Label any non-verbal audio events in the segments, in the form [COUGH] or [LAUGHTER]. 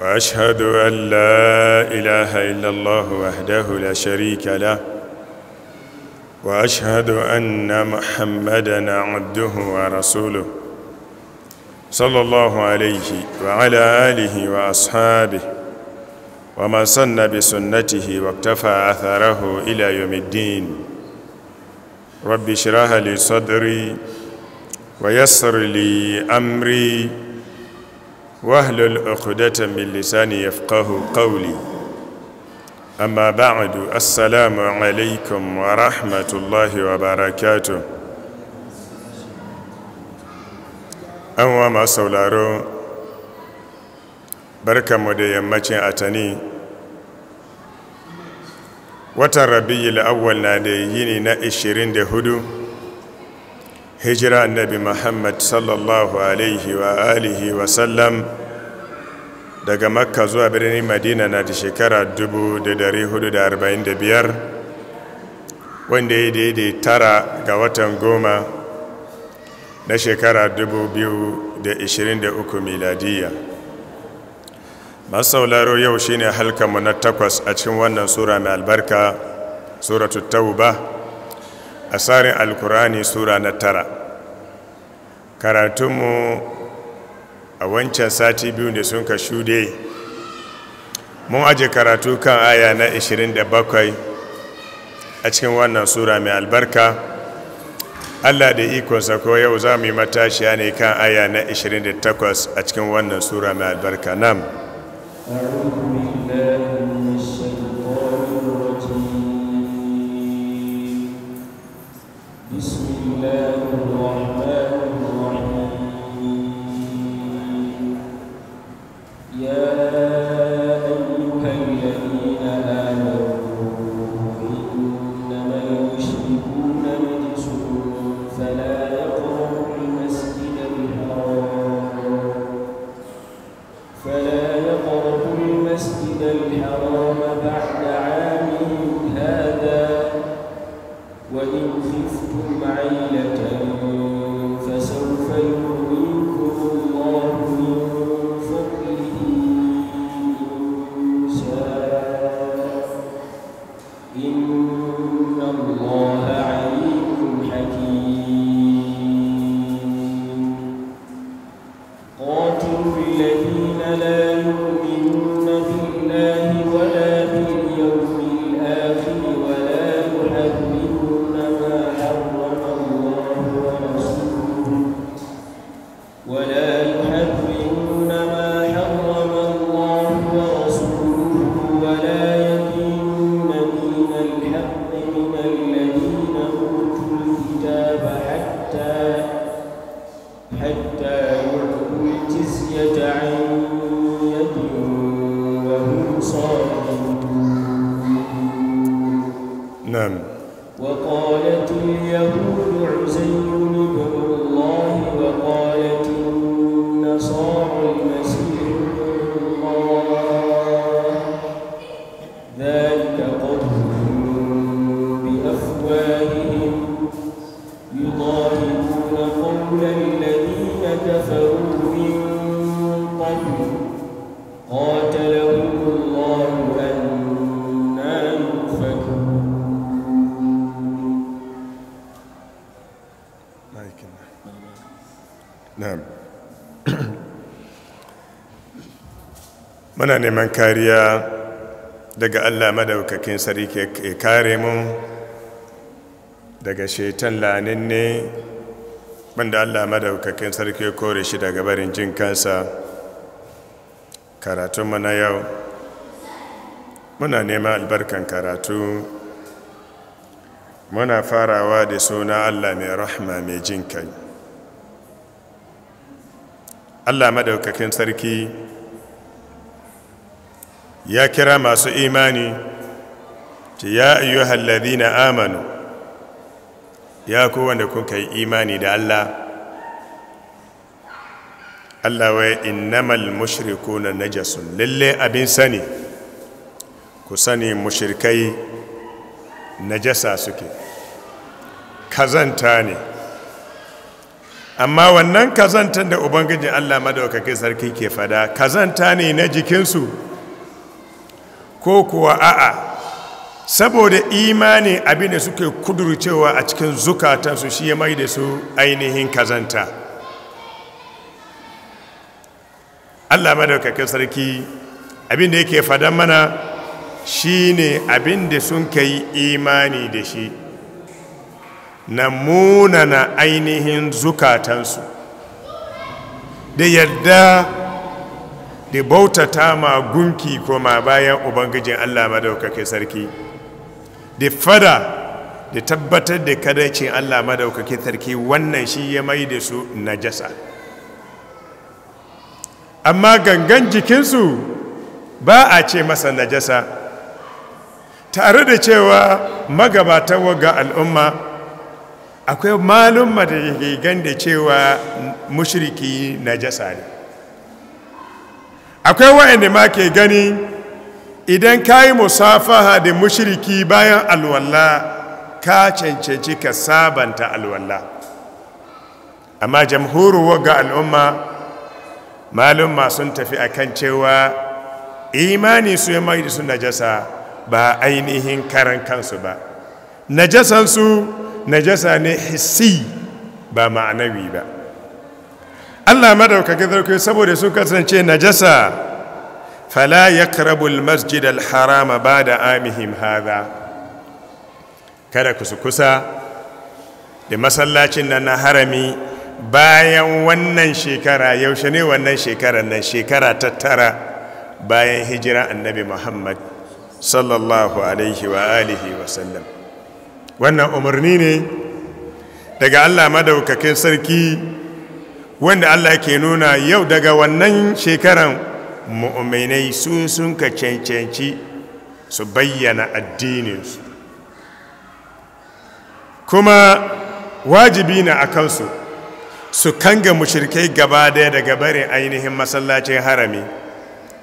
واشهد ان لا اله الا الله وحده لا شريك له واشهد ان محمدا عبده ورسوله صلى الله عليه وعلى اله واصحابه ومن صن بسنته واقتفى اثره الى يوم الدين رب اشرح لي صدري ويسر لي امري wahlul uqdatan min lisani yafqahu qawli amma ba'du assalamu alaikum wa rahmatullahi wa barakatuh an wa ma sauraro barkamu da yammacin atani watan rabi'ul awwal na da yini na da hudu. hijira annabi muhammad sallallahu alaihi wa alihi wa sallam daga makka zuwa birnin madina na da shekara 445 wanda ya daidai tara ga watan goma na shekara 2023 miladiya masu sauraro yau shine halkanmu na takwas a cikin wannan sura mai albarka suratul tauba a tsarin alkurani sura na tara karatunmu a wancan sati biyu da sun ka shude mun aje karatu kan aya na 27 a cikin wannan sura mai albarka allah da ikonsa ko yau za mu yi matashiya ne kan aya na 28 a cikin wannan sura mai albarka nam muna neman kariya daga allah madaukakin sarki ke kare mu daga shetan ne banda allah madaukakin sarki kore shi daga barin jin kansa karatunmu na yau muna neman albarkan karatu muna farawa da suna allah mai rahama mai jin kai allah madaukakin sarki ya kira masu imani ce ya ayyuhal na amanu ya kowanne kun kai imani da Allah Allah wai innamal na najasun lalle abin sani ku sani mushrikai najasa suke kazanta ne amma wannan kazantar da ubangijin Allah madaukakin sarki ke fada kazanta ne na jikinsu ko kuwa a'a saboda imani abin da suke kudurcewa a cikin zukatansu shi ya mai da su ainihin kazanta Allah madaukakin sarki abin da yake fadan mana shi ne abin da sun kai imani da shi na munana ainihin zukatansu da yadda da bautata ma gunki koma bayan ubangijin Allah madaukakin sarki da fada da tabbatar da kadaicin Allah madaukakin sarki wannan shi ya mai da su najasa amma gangan jikinsu ba a ce masa najasa tare da cewa magabatan waga al'umma akwai malumma da ke gan da cewa mushriki najasa ne akwai wa'anda ma ke gani idan ka yi musafaha da mushiriki bayan alwallah ka cancanci ka sabanta alwallah amma jamhuru ga al'umma malumma sun tafi a kan cewa imani su ya mai su najasa ba ainihin karan kansu ba najasansu najasa ne hissi ba ma'anawi ba Allah madaukakin sarki saboda su kasance najasa fala yaqrabu almasjid alharama ba'da amihim kada ku kusa da masallacin nan na harami bayan wannan shekara yaushe ne wannan shekarar nan shekara ta tara bayan hijira annabi Muhammad sallallahu alaihi wa alihi wa sallam wannan umarni ne daga Allah madaukakin sarki wanda Allah ke nuna yau daga wannan shekaran mu'minai sun sun ka cancanci su bayyana addininsu kuma wajibi na a kansu su kanga mushirkai gaba daya daga barin ainihin masallacin harami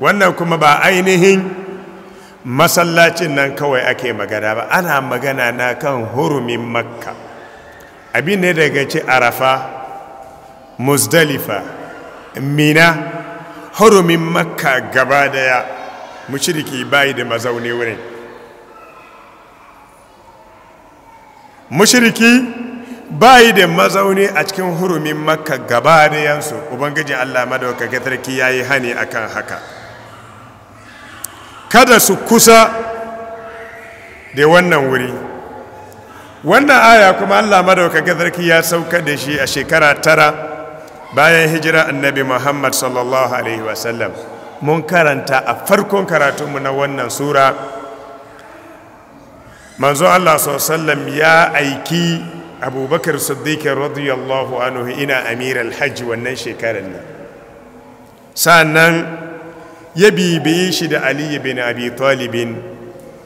wannan kuma ba ainihin masallacin nan kawai ake magana ba ana magana na kan hurumin makka abin ne daga ci arafa muzdalifa mina hurumin makka gaba daya mushiriki bayi da mazauni wurin mushiriki bayi da mazauni a cikin hurumin makka gaba dayansu ubangiji allah madaukakin sarki ya yi hani akan haka kada su kusa da wannan wuri wannan aya kuma allah madaukakin tarki ya sauka da shi a shekara tara bayan hijira annabi muhammad sallallahu alaihi wasallam mun karanta a farkon karatunmu na wannan sura manzo allah sallam ya aiki abubakar siddiqin radiyallahu anhu ina amir alhaji wannan shekarar nan sannan ya bibiyi shi da aliyu bin abi talibin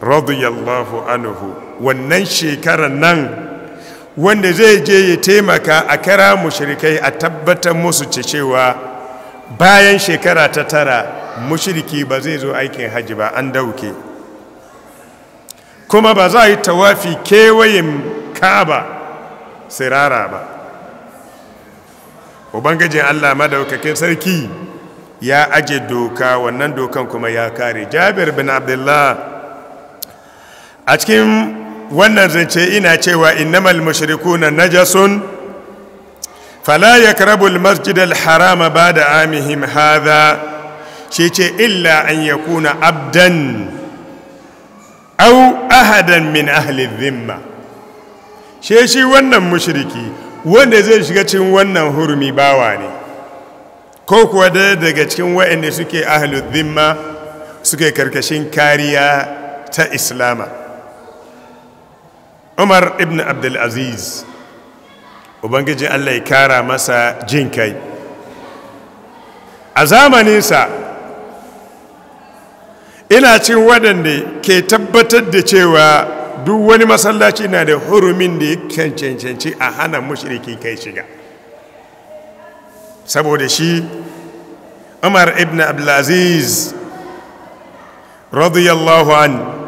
radiyallahu anhu wannan shekarar nan wanda zai je ya taimaka a kara mushirikai a tabbatar musu cewa bayan shekara ta tara mushiriki ba zai zo aikin hajji ba an dauke kuma ba za a yi tawafi kewayen kaba sirara ba ubangijin allah madaukakin sarki ya aje doka wannan dokan kuma ya kare jabir bin abdullah a cikin wannan zance ina cewa innamal mushrikuna najasun fala yakrabu almasjid alharama ba'da amihim hadha shi ce illa an yakuna abdan aw ahadan min ahli dhimma she shi wannan mushriki wanda zai shiga cikin wannan hurumi bawa ne ko kuwa daga cikin waɗanda suke ahli dhimma suke karkashin kariya ta islama umar ibn abdulaziz ubangiji allah ya kara masa jin kai a zamaninsa ina cin waɗanda ke tabbatar da cewa duk wani masallaci na da hurumin da ya cancanci a hana mashiriki kai shiga saboda shi umar ibn abdulaziz radiyallahu anhu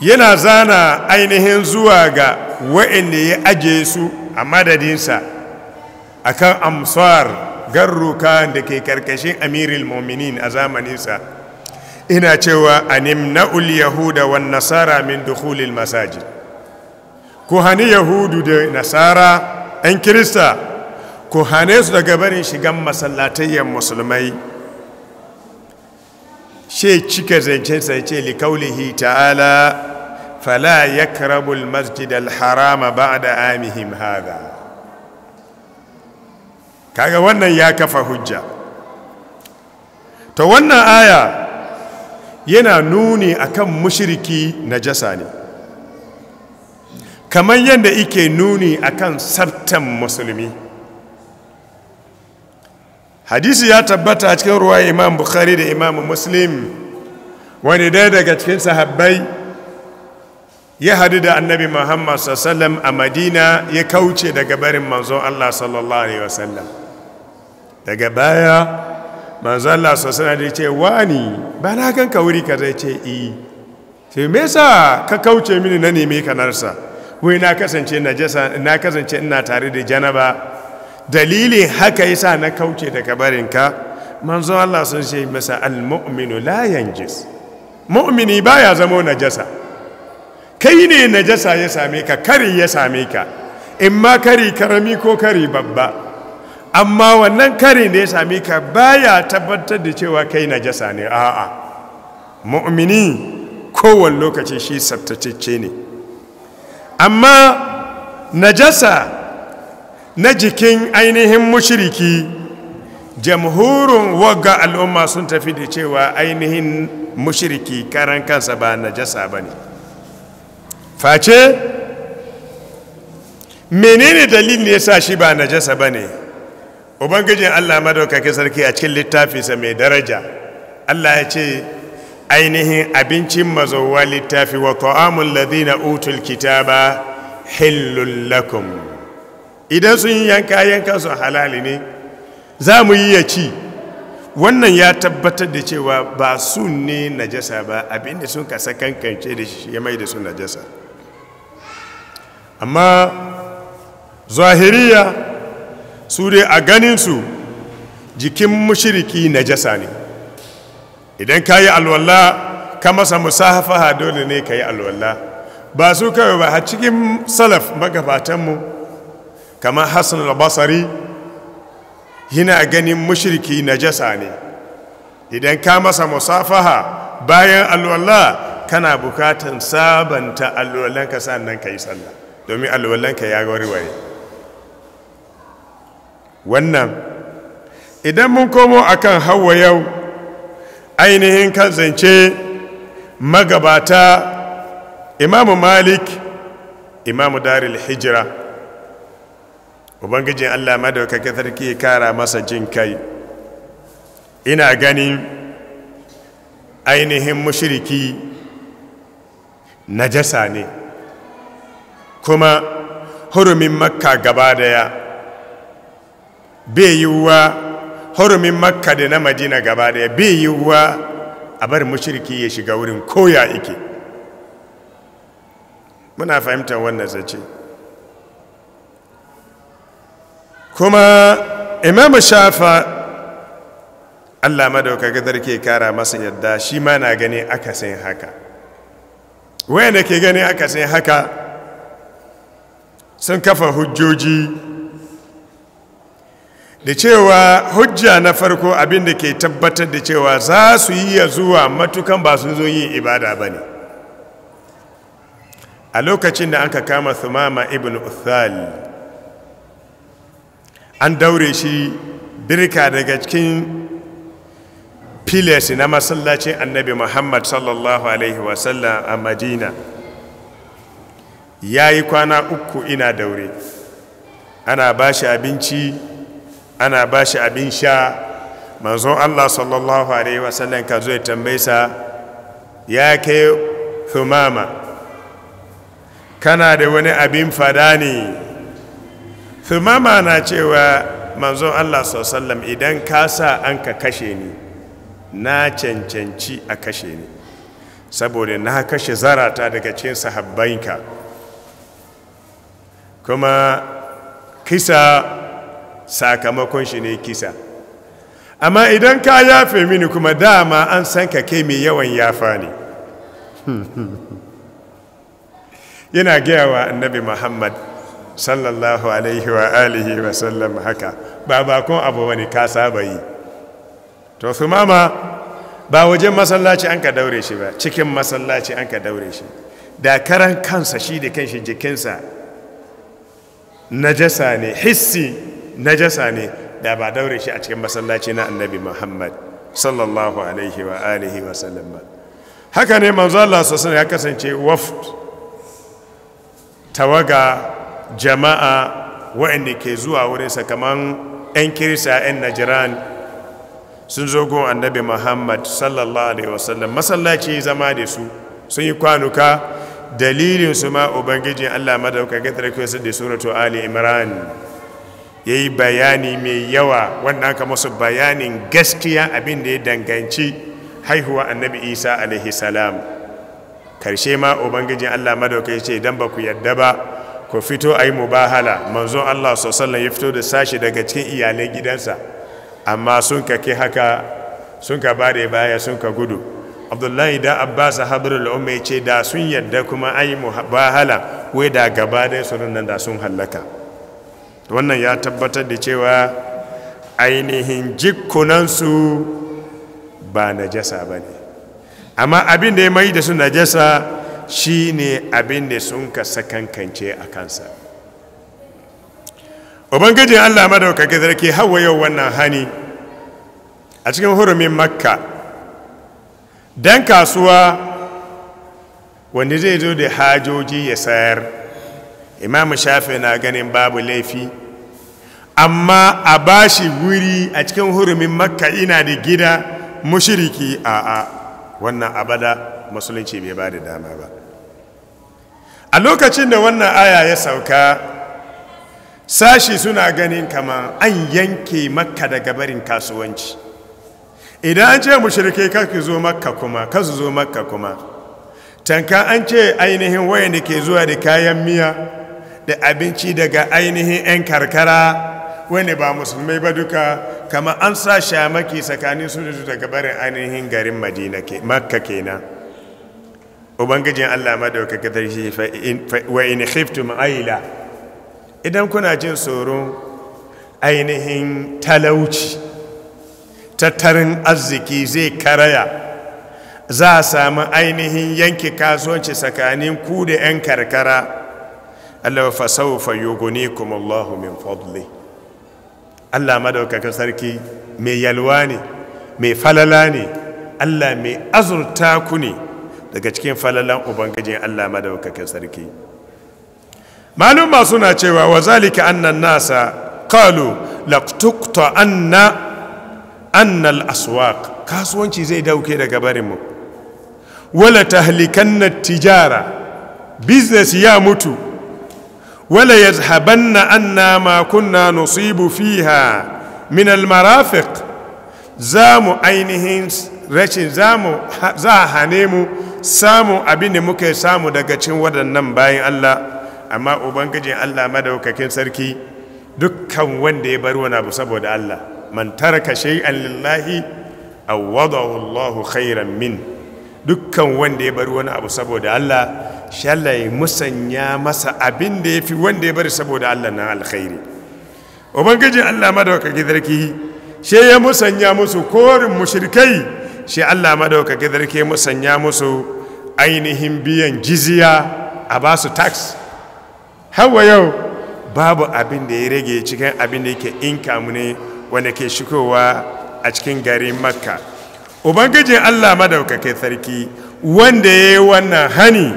yana zana ainihin zuwa ga wa'inda ya aje su a madadinsa akan amsar garruka da ke karkashin amiril mominin a zamaninsa ina cewa a nimna'ul yahuda wan nasara min dukulil masajid ku hani yahudu da nasara 'yan kirista ku hane su daga barin shigan masallatayyar musulmai she cika zancensa ya ce likaulihi ta'ala fala ya karabul masjid al-harama ba da amihim haza kaga wannan ya kafa hujja ta wannan aya yana nuni akan mushiriki na jasa ne kamar yadda ike nuni akan sartan musulmi hadisi ya tabbata a cikin ruwa imam bukhari da imam muslim wani dai daga cikin sahabbai ya hadu da annabi muhammad sallam a madina ya kauce daga barin manzon allah sallallahu alaihi wasallam daga baya manzon allah sallallahu alaihi ce wani ba na ka wuri ka zai ce iyi eh. sai me sa ka kauce mini na neme kanarsa wai na kasance na kasance ina tare da janaba dalilin haka yasa na kauce daga barinka manzon Allah sun ce masa almuminu muminu la yanjis mu'mini baya zama najasa kai ne najasa ya same ka kari ya same ka in ma kari karami ko kari babba amma wannan kari da ya same ka baya tabbatar da cewa kai najasa ne a'a mu'mini kowane lokaci shi tsabtacecce ne amma najasa na jikin ainihin mushiriki jamhurin wagga al'umma sun tafi da cewa ainihin mushiriki karan kansa ba jasa ba ne face menene dalilin ya sa shi ba na jasa ba ne ubangijin allah madaukakin sarki a cikin littafinsa mai daraja allah ya ce ainihin abincin mazauwa littafi wa ta'amun ladina utul kitaba hillul lakum idan sun yi yanka yanka su halali ne za mu yi ya ci wannan ya tabbatar da cewa ba su ne najasa ba abinda sun kasa kankance da shi ya mai da su najasa amma zahiriya su dai a ganinsu jikin mushiriki najasa ne idan ka yi alwallah ka masa musafaha dole ne ka yi alwallah ba su kawai ba a cikin salaf magabatanmu kamar hassan al-basari yana ganin na jasa ne idan ka masa musafaha bayan alwallah kana bukatan sabanta alwalanka sannan ka yi sallah domin alwalanka ya warware wannan idan mun komo a kan hawa yau ainihin kan zance magabata imamu malik imamu daril hijira ubangijin allah madaukakin sarki kara masa jin kai ina ganin ainihin mushiriki najasa ne kuma hurumin makka gaba daya bai yiwuwa hurumin makka da na madina gaba daya bai yiwuwa a bar mushiriki ya shiga wurin koya ike muna fahimtar wannan zace kuma imamu shafa allah gadar ke kara masa yadda shi ma na gani akasin haka wayanda ke gani akasin haka sun kafa hujjoji da cewa hujja na farko abinda ke tabbatar da cewa za su yi ya zuwa matukan ba sun zo yi ibada ba ne a lokacin da an ka kama thumama ibn uthal an daure shi birka daga cikin pillars na masallacin annabi muhammad sallallahu alaihi wasallam a madina ya yi kwana uku ina daure ana ba shi abinci ana ba shi abin sha manzo allah sallallahu alaihi wasallam ka zo ya tambayi sa ya kai humama kana da wani abin fada ne thumama na cewa manzon Allah sallam idan ka sa an ka kashe ni na cancanci a kashe ni saboda na kashe zarata daga cikin sahabbainka kuma kisa sakamakon shi ne kisa amma idan ka yafe mini kuma dama an san ka kai mai yawan yafa ne [LAUGHS] yana gaya wa annabi muhammad sallallahu alaihi wa alihi wa sallam haka ba bakon abu wani ka saba yi to su mama ba wajen masallaci an ka daure shi ba cikin masallaci an ka daure shi da karan kansa shi da kanshi jikinsa najasa ne hissi najasa ne da ba daure shi a cikin masallaci na annabi muhammad sallallahu alaihi wa alihi wa sallam ba haka ne manzo Allah sosai ya kasance waft tawaga jama'a waɗanda ke zuwa wurinsa kamar 'yan kirista 'yan najiran sun zo gun annabi muhammad sallallahu alaihi wasallam masallaci zama da su sun yi kwanuka dalilin su ma ubangijin allah madaukakin tarkiyarsa da suratu ali imran ya yi bayani mai yawa wanda aka masu bayanin gaskiya abin da ya danganci haihuwa annabi isa alaihi salam karshe ma ubangijin allah ya ce idan ba ku yadda ba ku fito a yi mubahala manzon Allah sosallan ya fito da sashi daga cikin iyalai gidansa amma sun ka ke haka sun ka bada baya sun ka gudu abdullahi da abbas habrul umma ya ce da sun yadda kuma ayi yi mubahala wai da gaba da su nan da sun hallaka wannan ya tabbatar da cewa ainihin jikunansu ba najasa ba ne amma abin da ya mai da su najasa shi ne abin da sun ka sakankance a kansa ubangijin allah madaukakin sarki hawa yau wannan hani a cikin hurumin makka dan kasuwa wanda zai zo da hajoji ya sayar imamu shafi na ganin babu laifi amma a bashi wuri a cikin hurumin makka ina da gida mushiriki a wannan abada musulunci bai ba da dama ba a lokacin da wannan aya ya sauka sashi suna ganin kama an yanke makka daga barin kasuwanci idan an ce mushrike kaki zo makka kuma kasu zo makka kuma tanka an ce ainihin wayan da ke zuwa da kayan miya da abinci daga ainihin 'yan karkara wani ba musulmai ba duka kama an sa shamaki tsakanin su daga barin ainihin garin madina makka kenan ubangijin Allah madaukaka ta shi wa in khiftum aila idan kuna jin tsoron ainihin talauci tattarin arziki zai karaya za a samu ainihin yanki kasuwanci tsakanin ku da 'yan karkara Allah fa saufa yughnikum Allahu min fadli Allah sarki mai yalwa ne mai falala ne Allah mai azurta ku ne daga cikin falalan ubangijin Allah madaukakin sarki maluma suna cewa wa zalika annan nasa qalu laqtuqta anna annal al-aswaq kasuwanci zai dauke daga barin mu wala tahlikanna tijara business ya mutu wala yazhabanna anna ma kunna nusibu fiha min al-marafiq zamu ainihin rashin zamu za hane mu samun abin da muka samu daga cin waɗannan bayan Allah amma ubangijin Allah madaukakin sarki dukkan wanda ya bar wani abu saboda Allah man taraka shay'an lillahi awadahu Allahu khairan min dukkan wanda ya bar wani abu saboda Allah shallai musanya masa abin da yafi wanda ya bari saboda Allah na alkhairi ubangijin Allah madaukakin sarki she ya musanya musu korin mushrikai shi Allah madaukake zarke musanya musu ainihin biyan jiziya a ba su tax hawa yau babu abin da ya rage cikin abin da yake inkamu ne wanda ke shigowa a cikin garin makka ubangijin Allah madaukake sarki wanda ya yi wannan hani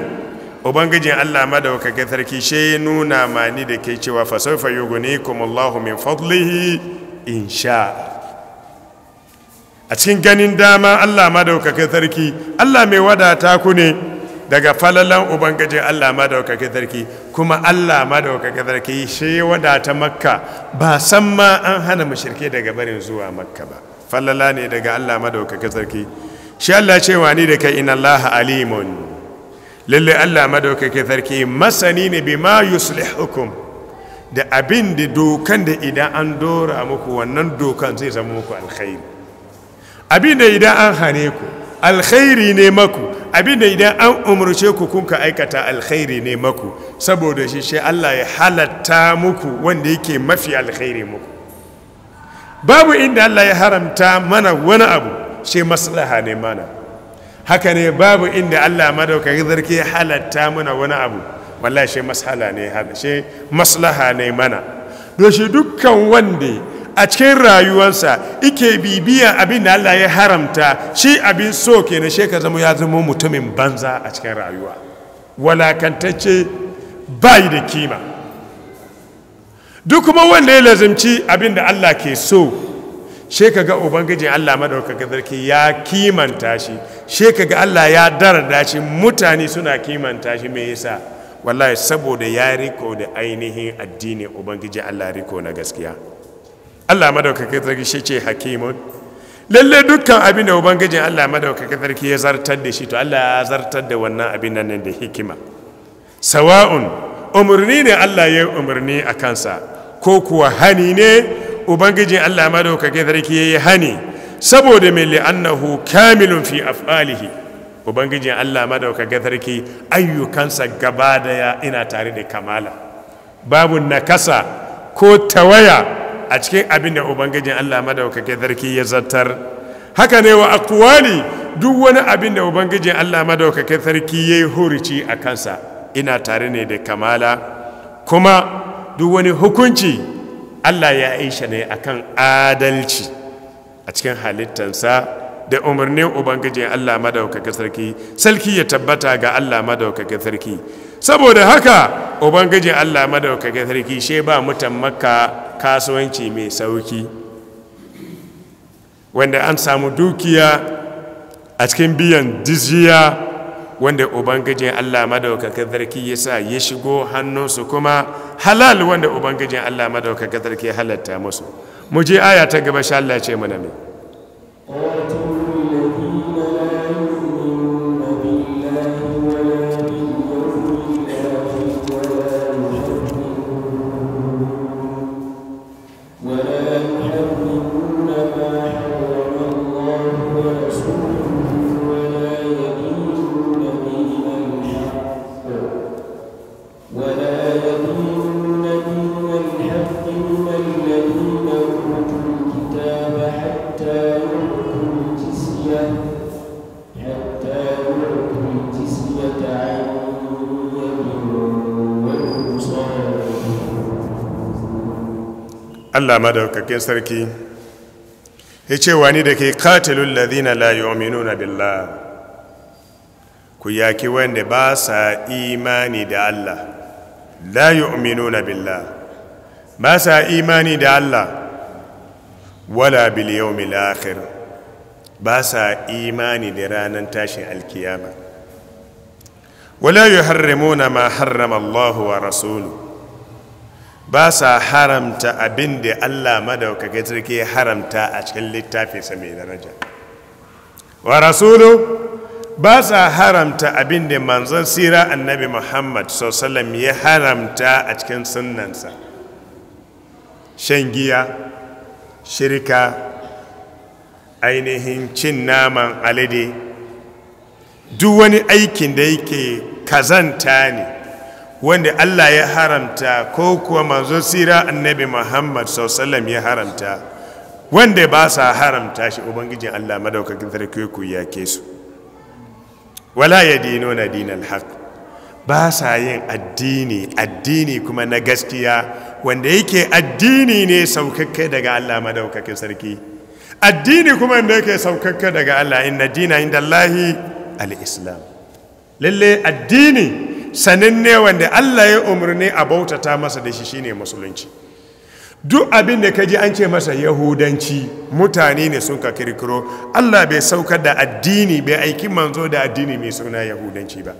ubangijin Allah madaukake sarki shi ya nuna mani da ke cewa fasofa yugunikum Allahu min fadlihi insha a cikin ganin dama Allah madaukakin sarki Allah mai wadata ku ne daga falalan ubangijin Allah madaukakin sarki kuma Allah madaukakin sarki shi wadata makka ba san ma an hana mushrike daga barin zuwa makka ba falala ne daga Allah madaukakin sarki shi Allah ce ni da kai inna Allah alimun lalle Allah madaukakin sarki masani ne bima yuslihukum da abin da dokan da idan an dora muku wannan dokan zai zama muku alkhairi abin da idan an hane ku alkhairi ne maku abin da idan an umarce ku kun ka aikata alkhairi ne maku saboda shi shi Allah ya halatta muku wanda yake mafi alkhairi muku babu inda Allah ya haramta mana wani abu shi maslaha ne mana haka ne babu inda Allah madaukakin zarki ya halatta mana wani abu wallahi shi maslaha ne mana doshi dukkan wanda a cikin rayuwarsa ike bibiyan abin da Allah ya haramta shi abin so kenan shi ka zama ya zama mutumin banza a cikin rayuwa walakantacce bayi da kima duk kuma wanda ya lazimci abin da Allah ke so shi ga ubangijin Allah madaukakin gazarki ya kimanta shi shi ga Allah ya darada shi mutane suna kimanta shi me yasa wallahi saboda ya riko da ainihin addinin ubangiji Allah riko na gaskiya Allah madaukakin sarki shi ce hakimun lalle dukkan abin da ubangijin Allah madaukakin sarki ya zartar da shi to Allah ya zartar da wannan abin nan da hikima sawa'un umarni ne Allah ya umarni a kansa ko kuwa hani ne ubangijin Allah madaukakin sarki ya yi hani saboda mai li'annahu kamilun fi af'alihi ubangijin Allah madaukakin sarki ayyukansa gaba daya ina tare da kamala babu nakasa ko tawaya a cikin abin da ubangijin Allah madaukake sarki ya zartar haka ne wa akwali duk wani abin da ubangijin Allah madaukake sarki yayi hurici a kansa ina tare ne da kamala kuma duk wani hukunci Allah ya aisha ne akan adalci a cikin halittansa da umarnin ubangijin Allah madaukake sarki sarki ya tabbata ga Allah madaukake sarki saboda haka ubangijin Allah madaukake sarki shi ba mutan makka kasuwanci mai sauki wanda an samu dukiya a cikin biyan jijiya wanda ubangijin allah madaukakin zarki ya sa ya shigo hannunsu kuma halal wanda ubangijin allah madaukakin zarki ya halatta musu mu je aya ta gaba sha Allah ce na mai Allah madaukakin sarki ya ce wani da ke katilun lazina la yu'minuna billah ku yaki wanda ba sa imani da Allah la yu'minuna billah ba sa imani da Allah wala bil yawmil akhir ba sa imani da ranar tashin alkiyama wala yuharrimuna ma harrama Allah wa rasuluhu ba sa haramta abin da Allah madaukakai sarki ya haramta a cikin littafinsa mai daraja wa rasulu ba sa haramta abin da manzon sira annabi muhammad sallam ya haramta a cikin sunansa shan giya shirka ainihin cin naman alade duk wani aikin da yake kazanta ne wanda Allah ya haramta ko kuwa manzo sira annabi Muhammad sallallahu ya haramta wanda ba sa haramta shi ubangijin Allah madaukakin sarki ku yake su wala na dinal haqq ba sa yin addini addini kuma na gaskiya wanda yake addini ne saukakke daga Allah madaukakin sarki addini kuma wanda yake saukakke daga Allah inna dina indallahi al-islam lalle addini Sanin ne wanda Allah ya umarni a bautata masa da shi shine musulunci duk abin da kaji an ce masa yahudanci mutane ne sun ka kirkiro Allah bai saukar da addini bai aiki manzo da addini mai suna yahudanci ba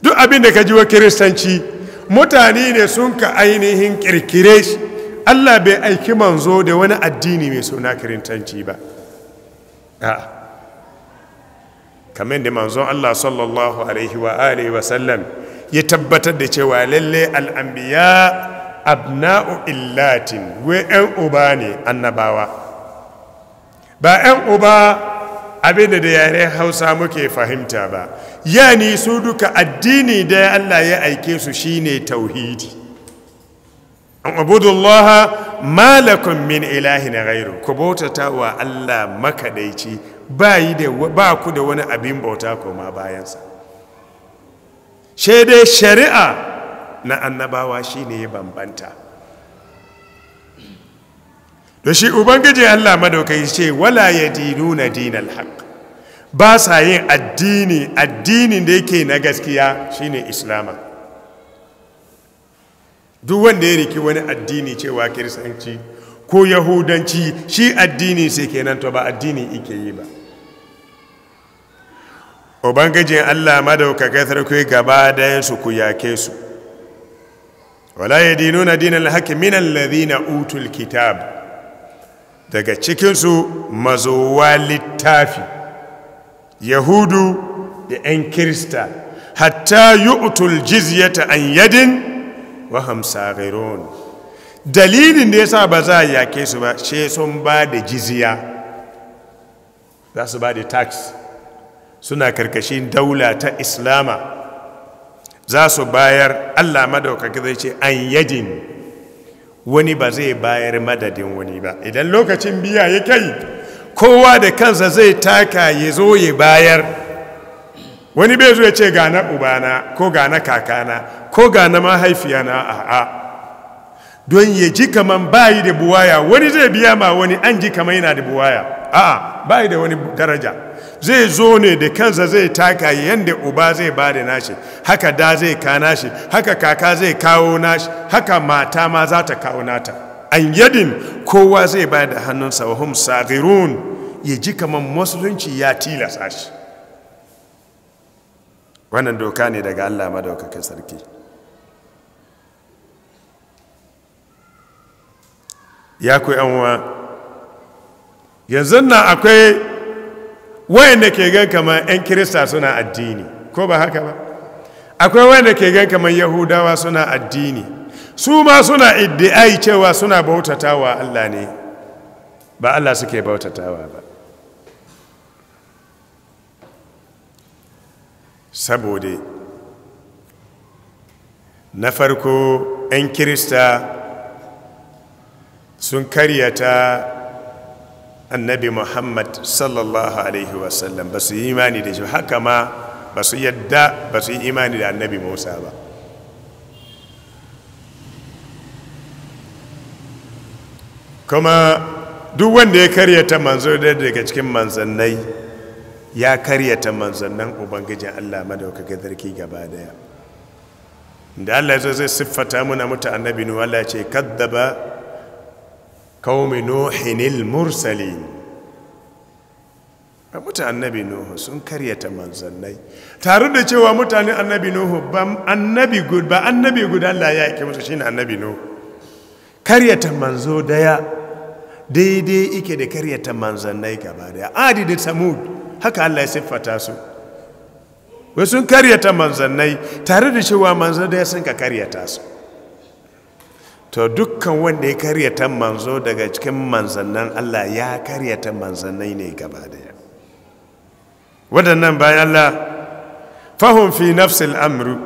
duk abin da kaji wa kiristanci mutane ne sun ka ainihin kirkire shi Allah bai aiki manzo da wani addini mai suna kiristanci ba a'a kamar da manzon Allah sallallahu alaihi wa Alaihi wa ya tabbatar da cewa lalle al'ambiya abna'u illatin we ‘yan uba ne annabawa ba ‘yan uba abinda da yaren hausa muke fahimta ba yani su duka addini da Allah ya aike su shine tauhidi an malakun min ilahi na gairu ku bautata wa Allah makadaici ba ku da wani abin bauta koma bayansa shaidai shari'a na annabawa shi ne bambanta da shi ubangiji allah madaukai ce wala ya dinu na dinar haƙ ba sa yin addini addinin da yake na gaskiya shine islama duk wanda ya riki wani addini cewa kirsanci ko yahudanci shi addini sai kenan to ba addini ike yi ba ubangijin allah madaukakai sarki gaba dayansu ku yake su wala ya dino na dinar haƙi minan na utul kitab daga cikinsu mazowa littafi yahudu da 'yan kirista hatta yi utul jizyata an yadin wa hamsa dalilin da ya sa ba za a yake su ba she sun ba da jiziya za su ba da tax suna karkashin daula ta islama za su bayar allah madaukaki zai ce an yadin wani ba zai bayar madadin wani ba idan lokacin biya ya kai kowa da kansa zai taka ya zo ya bayar wani bai zo ya ce gana ubana ko gana kakana ko gana mahaifiyana a'a don ya ji kaman bayi da buwaya wani zai biya ma wani an ji kaman yana da buwaya a'a bayi da wani daraja zai zo ne da kansa zai taka yadda uba zai ba da nashi haka da zai ka nashi haka kaka zai kawo nashi haka mata ma za ta kawo nata an yadin kowa zai ba da hannunsa wa hum sagirun ya ji kaman musulunci ya tilasa shi wannan doka ne daga Allah madaukakin sarki ya ku yanwa yanzu na akwai wayanda ke gan kamar 'yan kirista suna addini ko ba haka ba akwai wayanda ke gan kamar yahudawa suna addini su ma suna iddi'ai cewa suna bautatawa allah ne ba allah suke bautatawa ba saboda na farko 'yan kirista sun karyata annabi muhammad sallallahu alaihi wasallam ba su yi imani da shi haka ma ba su yadda ba su yi imani da annabi musa ba kuma duk wanda ya karyata manzo daga cikin manzannai ya karyata manzannan ubangijin allah madaukakin zarki gaba daya da allah zai siffata muna mutu annabi nuwala ce kaddaba kaumi nuhinil mursalin a mutu annabi nuhu sun karyata manzannai tare da cewa mutane annabi nuhu ba annabi gud ba annabi gud Allah ya yake musu shine annabi nuhu karyata manzo daya daidai ike da karyata manzannai gaba daya adi da samud haka Allah ya siffata su Wasu sun karyata manzannai tare da cewa manzo daya sun ka karyata su to dukkan wanda ya karyata manzo daga cikin manzannan Allah ya karyata manzannai ne gaba daya waɗannan bayan Allah fahim fi nafsil amru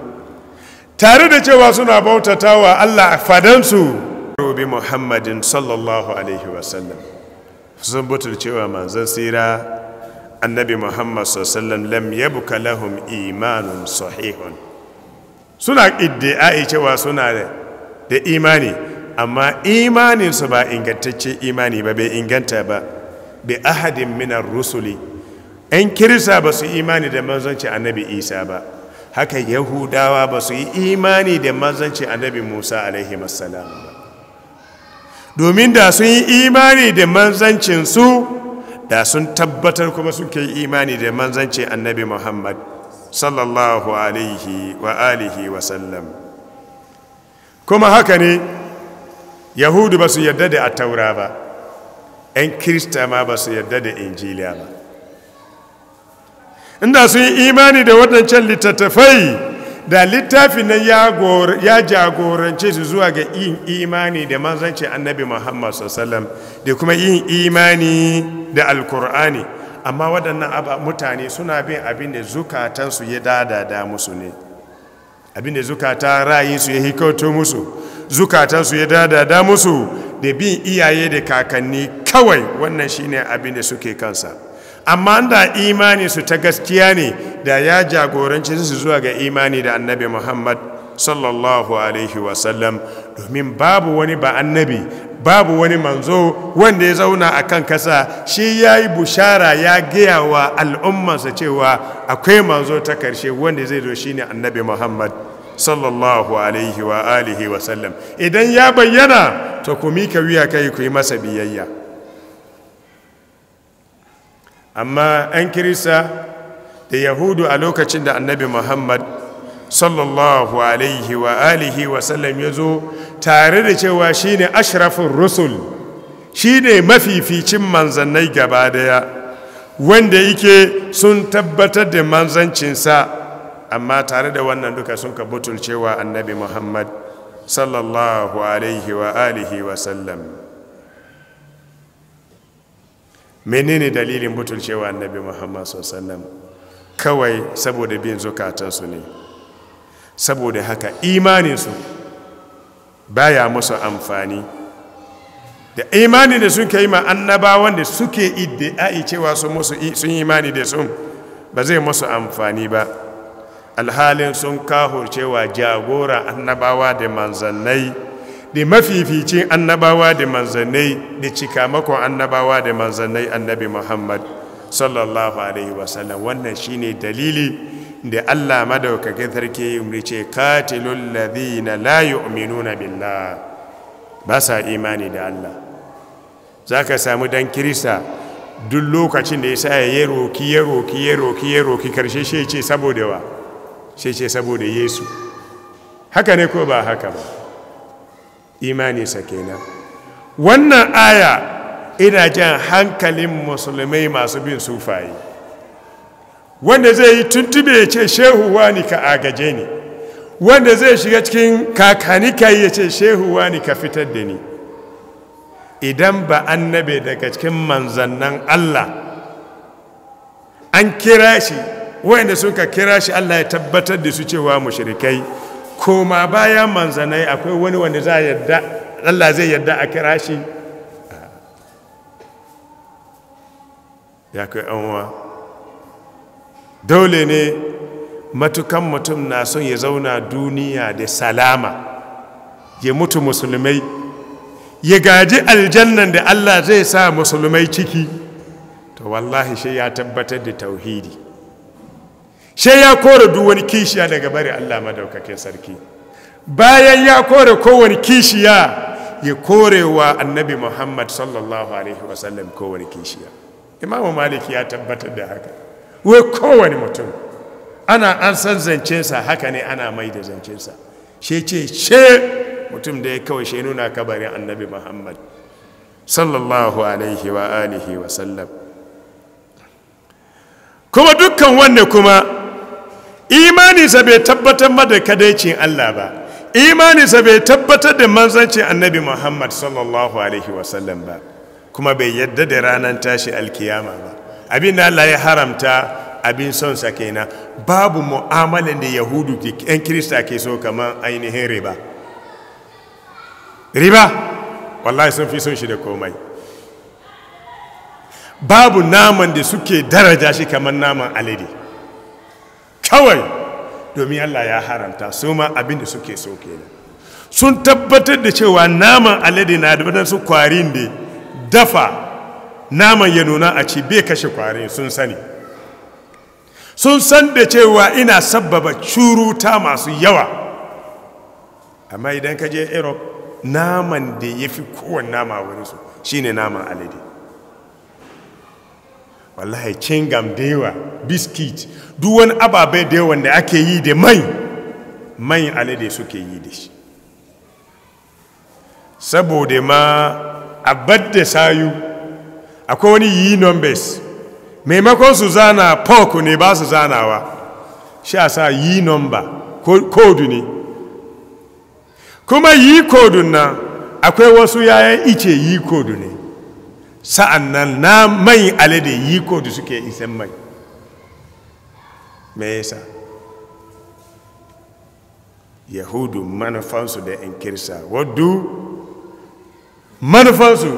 tare da cewa suna bautata wa Allah a fadansu bi muhammadin sallallahu alaihi wasallam sun butul cewa manzan sira annabi muhammad sallam lam buka lahum imanun sahihun suna a cewa suna da da imani amma imaninsu ba ingantacce imani ba bai inganta ba bi ahadin minar rusuli ‘yan kirisa ba su imani da manzanci annabi isa ba haka yahudawa ba su yi imani da manzanci annabi musa alaihi masalam ba domin da sun yi imani da manzancinsu da sun tabbatar kuma suke imani da manzanci annabi muhammad sallallahu alaihi wa alihi wasallam kuma haka ne yahudu ba su yadda da attaura ba 'yan kirista ma ba su yadda da injiliya ba inda sun yi imani da waɗancan littattafai da littafi na ya jagorance su zuwa ga yin imani da manzancin annabi muhammad sallam da kuma yin imani da alkur'ani amma waɗannan mutane suna bin abin da zukatansu ya dada da musu ne abinda zukata su ya hikautu musu zukatansu ya dadada musu da bin iyaye da kakanni kawai wannan shine abinda suke kansa amma da imani su ta gaskiya ne da ya jagoranci su zuwa ga imani da annabi muhammad sallallahu alaihi wasallam domin babu wani ba annabi babu wani manzo wanda ya zauna a kan kasa shi ya yi bushara ya gaya wa al'ummansa cewa akwai manzo ta karshe wanda zai zo shi ne annabi muhammad sallallahu alaihi wa alihi wa sallam idan ya bayyana to ku mika wuya kai ku yi masa biyayya amma 'yan kirista da yahudu a lokacin da annabi muhammad sallallahu alaihi wa alihi wa sallam ya zo tare da cewa shi ne ashirafin rusul shi ne mafificin manzannai gaba daya wanda yake sun tabbatar da manzancinsa amma tare da wannan duka sun ka butulcewa annabi muhammad sallallahu alaihi wa alihi wa sallam menene dalilin butulcewa annabi muhammad sallallahu alaihi wa sallam kawai saboda bin zukatansu ne saboda haka imaninsu baya masu amfani da imani da suke yi annabawan da suke iddi'ai cewa sun imani da sun ba zai musu amfani ba alhalin sun kahur cewa jagora annabawa da manzannai da mafificin annabawa da manzannai da cikamakon annabawa da manzannai annabi muhammad sallallahu alaihi wasallam wannan shine dalili da Allah madaukake sarki umrice katilul ladina la yu'minuna billah ba sa imani da Allah zaka samu dan kirista duk lokacin da yasa ya roki ya roki ya roki ya roki karshe shi ce saboda wa shi ce saboda Yesu haka ne ko ba haka ba imani sa kenan wannan aya ina jan hankalin musulmai masu bin sufaye wanda zai yi tuntube ya ce shehu wani ka agaje ni wanda zai shiga cikin kakanika ya ce shehu ni ka fitar da ni idan ba annabe daga cikin manzannan Allah an kira shi wanda suka kira shi Allah ya tabbatar da su cewa mushrikai koma bayan manzanai akwai wani wanda za yadda Allah zai yadda a kira shi ya kai dole ne matukan mutum na son ya zauna duniya da salama ya mutu musulmai ya gaji aljannan da Allah zai sa musulmai ciki to wallahi shi ya tabbatar da tauhidi shi ya kore duwani kishiya daga bari Allah madaukakin sarki bayan ya kore kowane kishiya ya kore wa annabi Muhammad sallallahu alaihi wasallam kowane kishiya imamu maliki ya tabbatar da haka wai kowane mutum ana an san zancensa haka ne ana mai da zancensa shi ce ce mutum da ya kawai shi nuna kabarin annabi muhammad sallallahu alaihi wa alihi wa sallam kuma dukkan wanne kuma imaninsa bai tabbatar mada kadaicin allah ba imaninsa bai tabbatar da manzancin annabi muhammad sallallahu alaihi wa sallam ba kuma bai yadda da ranar tashi alkiyama ba abin da allah ya haramta abin son sa kenan babu mu'amalan da yahudu ke yan kirista ke so kamar ainihin riba riba wallahi sun fi son shi da komai babu naman da suke daraja shi kamar naman alade kawai domin Allah ya haramta su ma abin da suke so kenan sun tabbatar da cewa naman alade na da wadansu kwarin da dafa naman ya nuna a ci bai kashe kwarin sun sani sun san da cewa ina sabbaba curuta masu yawa amma idan ka je erop naman da ya fi kowane nama su shi ne naman alade wallahi cingam da biskit duwan ababai da yawan da ake yi da mai mai alade suke yi da shi saboda ma abad da sayu akwai wani yi numbers maimakon su zana pork ne ba su zanawa shi a sa yi nomba kodu ne kuma yi kodu nan akwai wasu yayan ice yi kodu ne sa'an nan na mai alade yi kodu suke isan mai me yasa yahudu manufansu da yan kirsa waddu manufansu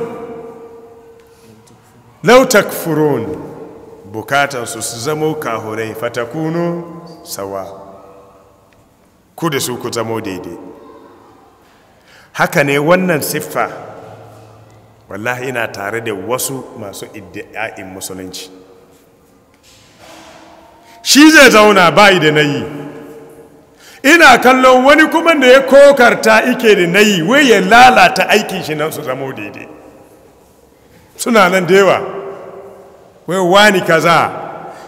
lautak furoni bukatan su zamo kahurai fatakunu sawa ku da su ku zamo daidai haka ne wannan siffa wallahi ina tare da wasu masu iddi'a'in musulunci shi zai zauna bayi da nayi ina kallon wani kuma da ya kokarta ike da nayi wai ya lalata aikin shi nan su zamo daidai suna nan da yawa kwaye wani kaza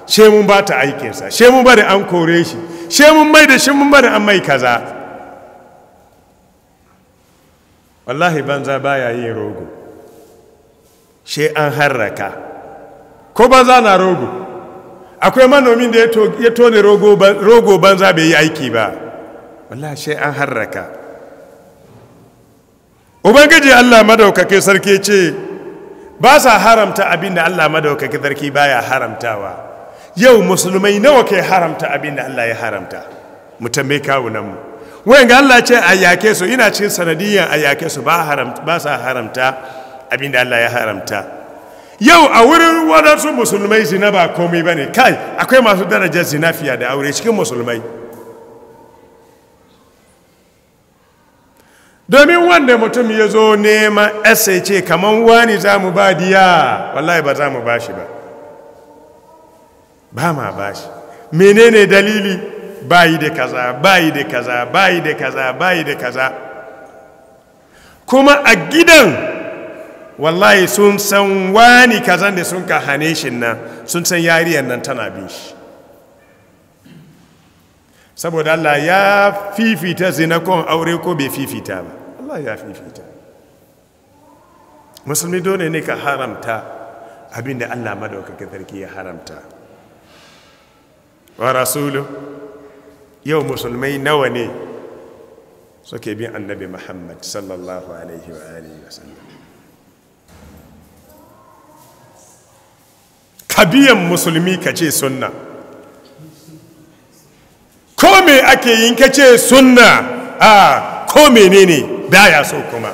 she mun ba ta aikinsa she mun bari an kore shi she mun mai da shi mun bari an mai kaza wallahi banza baya yin rogo she an harraka ko banza na rogo akwai manomin da ya tone rogo banza bai yi aiki ba wallahi she an harraka ubangiji allah madaukake sarki ce ba sa haramta abin da Allah madaukaki sarki baya haramtawa yau musulmai nawa ke haramta abin da Allah ya haramta mu tambaye nan mu wayan ga Allah ce a yake su ina cikin sanadiyan a yake su ba haramta ba sa haramta abin da Allah ya haramta yau a wurin wadansu musulmai zina ba komai bane kai akwai masu darajar zinafiya da aure cikin musulmai domin wanda mutum ya zo neman esai ce kamar wani za mu ba diya wallahi ba za mu ba shi ba ba ma ba shi menene dalili bayi da kaza bayi da kaza bayi da kaza bayi da kaza kuma a gidan wallahi sun san wani kazan da sun ka hane shi nan sun san yariyan nan tana bin shi saboda Allah ya fifita zinakon aure ko bai fifita ba Allah ya fifita musulmi dole ne ka haramta abinda Allah madaukakin sarki ya haramta wa rasulu yau musulmai nawa ne suke bin annabi muhammad sallallahu alaihi wa alihi wa sallam kabiyan musulmi ka ce sunna ko me ake yin ka ce sunna a ah, ko menene ne baya so kuma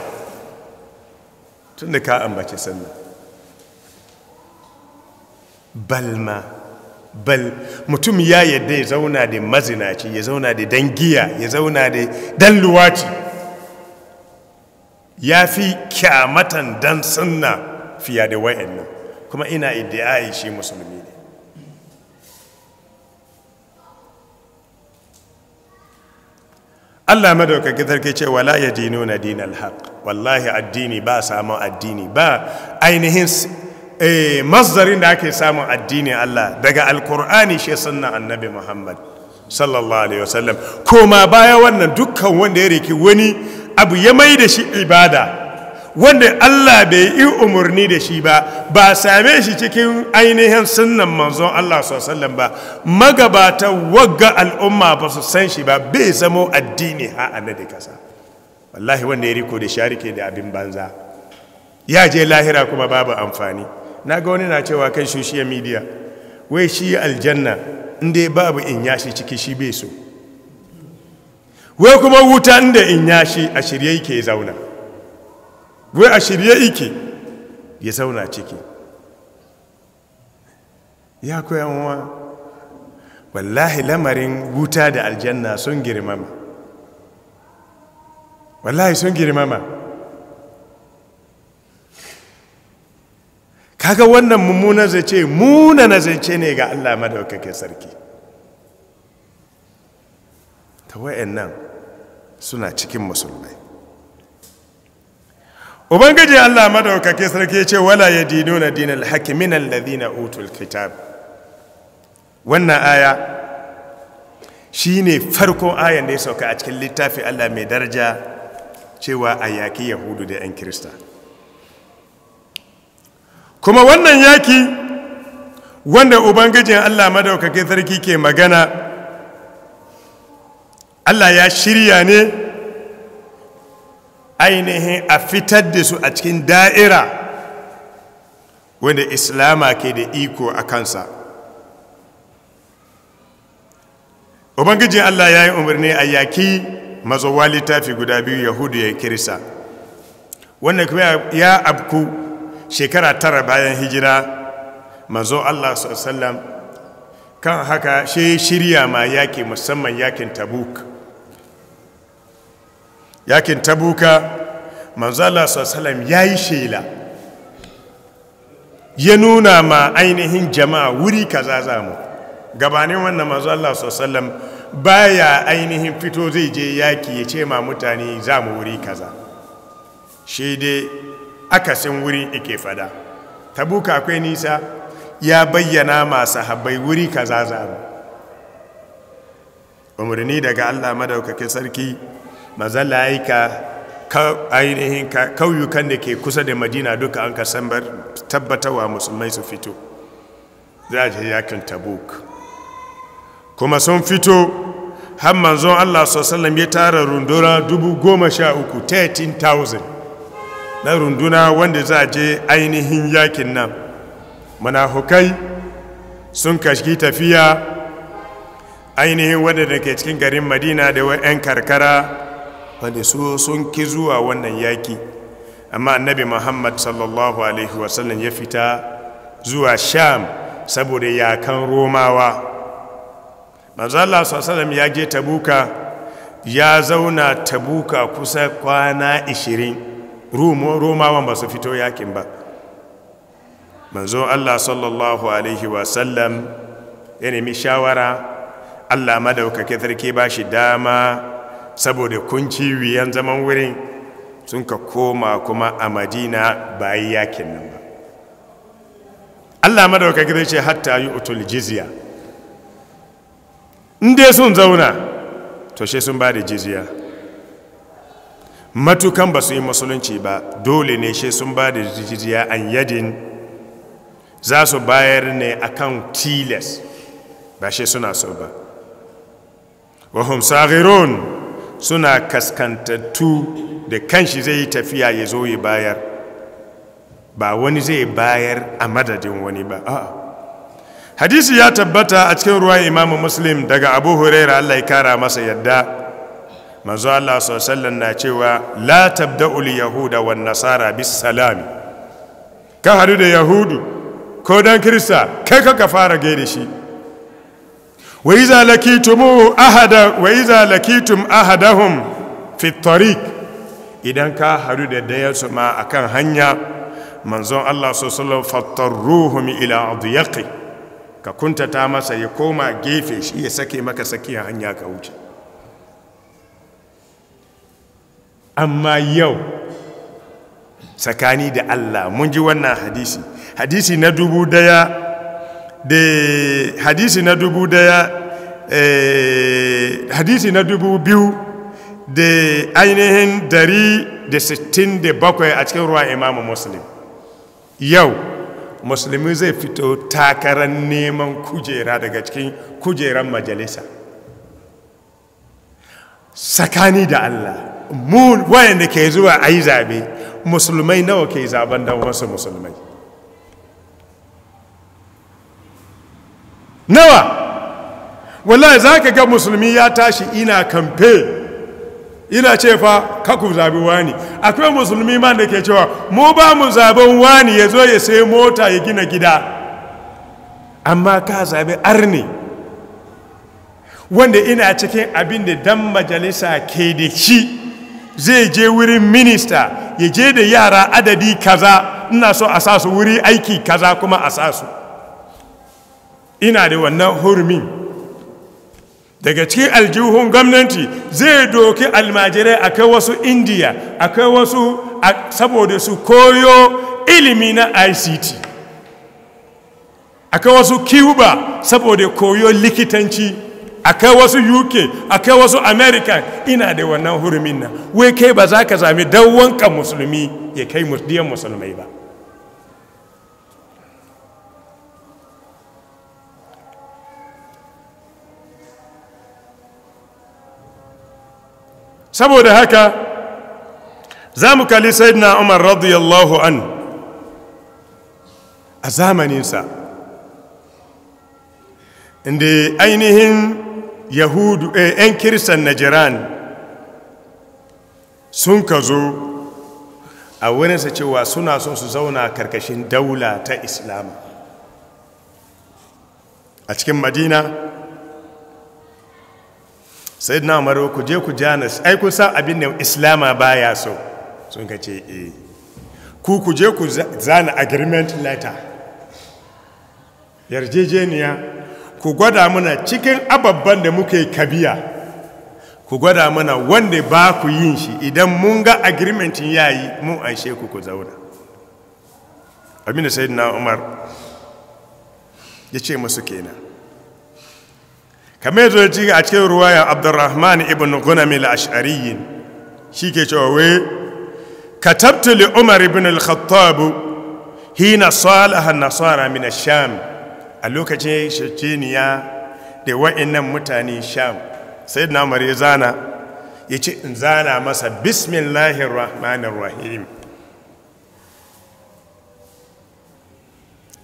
tun da ka ambace sannan balma bal mutum ya yadda ya zauna da mazinaci ya zauna da dangiya ya zauna da dan luwaci ya fi kyamatan don sunna fiye da wa'annan kuma ina ya shi musulmi Allah madaukaki sarki ce wala ya dino na dinal haq wallahi addini ba samun addini ba ainihin eh masdarin da ake samun addini Allah daga alkur'ani shi sunna annabi Muhammad sallallahu alaihi wasallam koma baya wannan dukkan wanda ya riki wani abu ya mai da shi ibada wanda Allah bai yi umarni da shi ba ba same shi cikin ainihin sunnan manzon Allah sallallahu ba magabata wagga al'umma ba su san shi ba bai zamo addini ha da kasa wallahi wanda ya riko da sharike da abin banza ya je lahira kuma babu amfani na ga wani na cewa kan social media wai shi aljanna inda babu in yashi ciki shi bai so wai kuma wuta inda in yashi a shirye ke zauna wai a shirye ike ya zauna ciki ya koyanwa wallahi lamarin wuta da aljanna sun girmama wallahi sun girmama kaga wannan mummunan zace munanazace zace ne ga Allah madaukakin sarki ta nan suna cikin musulmai ubangiji allah madaukake sarki ce wala ya dino na dinar na alladina utul kitab wannan aya shi ne farkon ayan da ya sauka a cikin littafi allah mai daraja cewa a yaki yahudu da 'yan kirista kuma wannan yaki wanda ubangijin allah madaukake sarki ke magana allah ya shirya ne ainihin a fitar da su a cikin da'ira wanda islama ke da iko a kansa ubangijin allah ya yi umarni a yaki mazowa littafi guda biyu yahudu ya kirisa wannan kuma ya abku shekara tara bayan hijira mazo allah sallam kan haka shi shirya ma yaki musamman yakin tabuk yakin tabuka manzala sosalam ya yi shela ya nuna ma ainihin jama'a wuri kaza za mu gabanin wannan manzala ba baya ainihin fito zai je yaki ya ce ma mutane za mu wuri kaza shi dai akasin wurin ike fada tabuka akwai nisa ya bayyana masu habai wuri kaza za mu umarni daga allah madaukakin sarki mazalaika ka ainihin kauyukan da ke kusa da madina duka an kasambar tabbatawa musulmai su fito za a je yakin tabuk kuma sun fito har manzon allah sosallam ya tara runduna 13,000 na runduna wanda za a je ainihin yakin nan manahukai sun kashi tafiya ainihin wadanda ke cikin garin madina da 'yan karkara wanda su sun ki zuwa wannan yaki amma annabi muhammad sallallahu alaihi wasallam ya fita zuwa sham saboda yakan romawa Allah sallallahu ya je tabuka ya zauna tabuka kusa kwana 20 romawan ba su fito yakin ba manzo allah sallallahu alaihi wasallam ya nemi shawara allah madaukake sarki ba shi dama saboda kunci wiyan zaman wurin sun ka koma kuma a madina bayi yakin nan ba allah madaukaki zai ce hatta yi utul jizya inda sun zauna to she sun ba da jizya matukan ba su yi musulunci ba dole ne she sun ba da jizya an yadin za su bayar ne akan tilas ba she suna so ba wahum saghirun suna kaskantattu da kanshi zai yi tafiya ya zo ya bayar ba wani zai bayar a madadin wani ba hadisi ya tabbata a cikin ruwan imamu muslim daga abu huraira allah ya kara masa yadda manzo allah sosallan na cewa la tabda'ul yahuda wan nasara bis salami ka hadu da yahudu ko dan kirista kai ka fara gaida shi wa iza lakitumu ahada idan ka hadu da daya su ma akan hanya manzon Allah sallallahu fattarruhum ila adyaqi ka kuntata masa ya koma gefe shi ya sake maka sakiya hanya ka wuce amma yau tsakani da Allah mun ji wannan hadisi hadisi na dubu daya da hadisi na dubu daya eh, hadisi na dubu biyu da ainihin dari da sittin da bakwai a cikin ruwa imamu muslim yau musulmi zai fito takarar neman kujera daga cikin kujeran majalisa tsakani da allah mu wayanda ke zuwa a yi zabe musulmai nawa ke zaben don wasu musulmai nawa wallahi za ka ga musulmi ya tashi ina kamfe ina ce fa kaku zabi wani akwai musulmi ma da ke cewa mu ba mu zaben wani ya zo ya sai mota ya gina gida amma ka zabi arni wanda ina cikin abin da dan majalisa ke da shi zai je wurin minista ya je da yara adadi kaza ina so a sa su wuri aiki kaza kuma a sa su ina da wannan hurumin daga cikin aljihun gwamnati zai doki almajirai kai wasu indiya a kai wasu saboda su koyo ilimi na ict a kai wasu cuba saboda koyo likitanci a kai wasu uk a kai wasu america ina da wannan hurumin na wai kai ba za ka zami dawwanka musulmi ya kai diyan musulmai ba saboda haka za mu kalli sayyidina umar radiyallahu an a zamaninsa inda ainihin yahudu eh, ‘yan kirsan najiran sun ka zo a wurinsa cewa suna son su zauna karkashin daula ta islam a cikin madina sai na umaru ku je ku janas ai kun san abin da islama baya so sun ka ce eh ku ku je ku zana agreement letter yarjejeniya ku gwada mana cikin ababban da muke kabiya ku gwada mana wanda ba ku yin shi idan mun ga agreement yayi mun aishe ku ku zauna abin da sayyidina umar ya ce masu kenan kamar yanzu ya a cikin ruwayan abdurrahman ibn gunamil ash'ariyin shi ke cewa katabtu li umar ibn al-khattab hina salaha nasara min ash-sham a lokacin sheceniya da wa'annan mutane sham sayyidina umar ya zana ya ce in zana masa bismillahir rahmanir rahim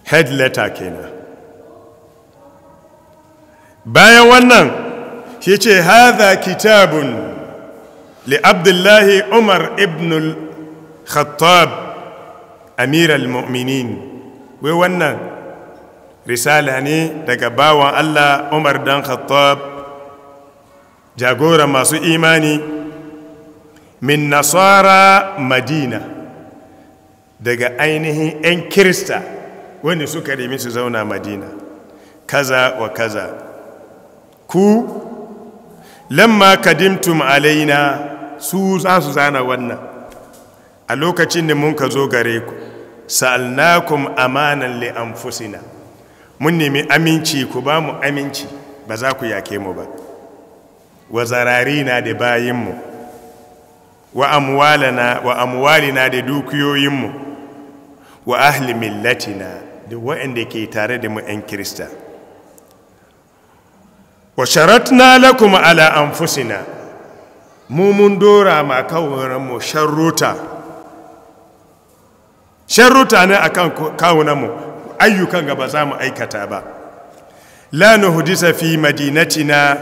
head letter kenan bayan wannan shi ce haza kitabun li abdullahi umar ibn al-khattab amir al-mu'minin wai wannan risala ne daga bawan allah umar dan khattab jagora masu imani min nasara madina daga ainihin 'yan kirista wani suka nemi su zauna madina kaza wa kaza ku lamma kadimtum alaina su za su zana wannan a lokacin da mun ka zo gare ku sa'alnakum amanan li anfusina mun nemi aminci ku ba mu aminci ba za ku yake mu ba wa zararina da bayinmu wa amwalana wa amwalina da dukiyoyinmu wa ahli millatina da waɗanda ke tare da mu 'yan kirista wa sharatna lakum ala anfusina mu mun dora ma kawunan mu sharruta sharruta ne akan mu, ayyukan gaba za mu aikata ba la nuhdisa fi madinatina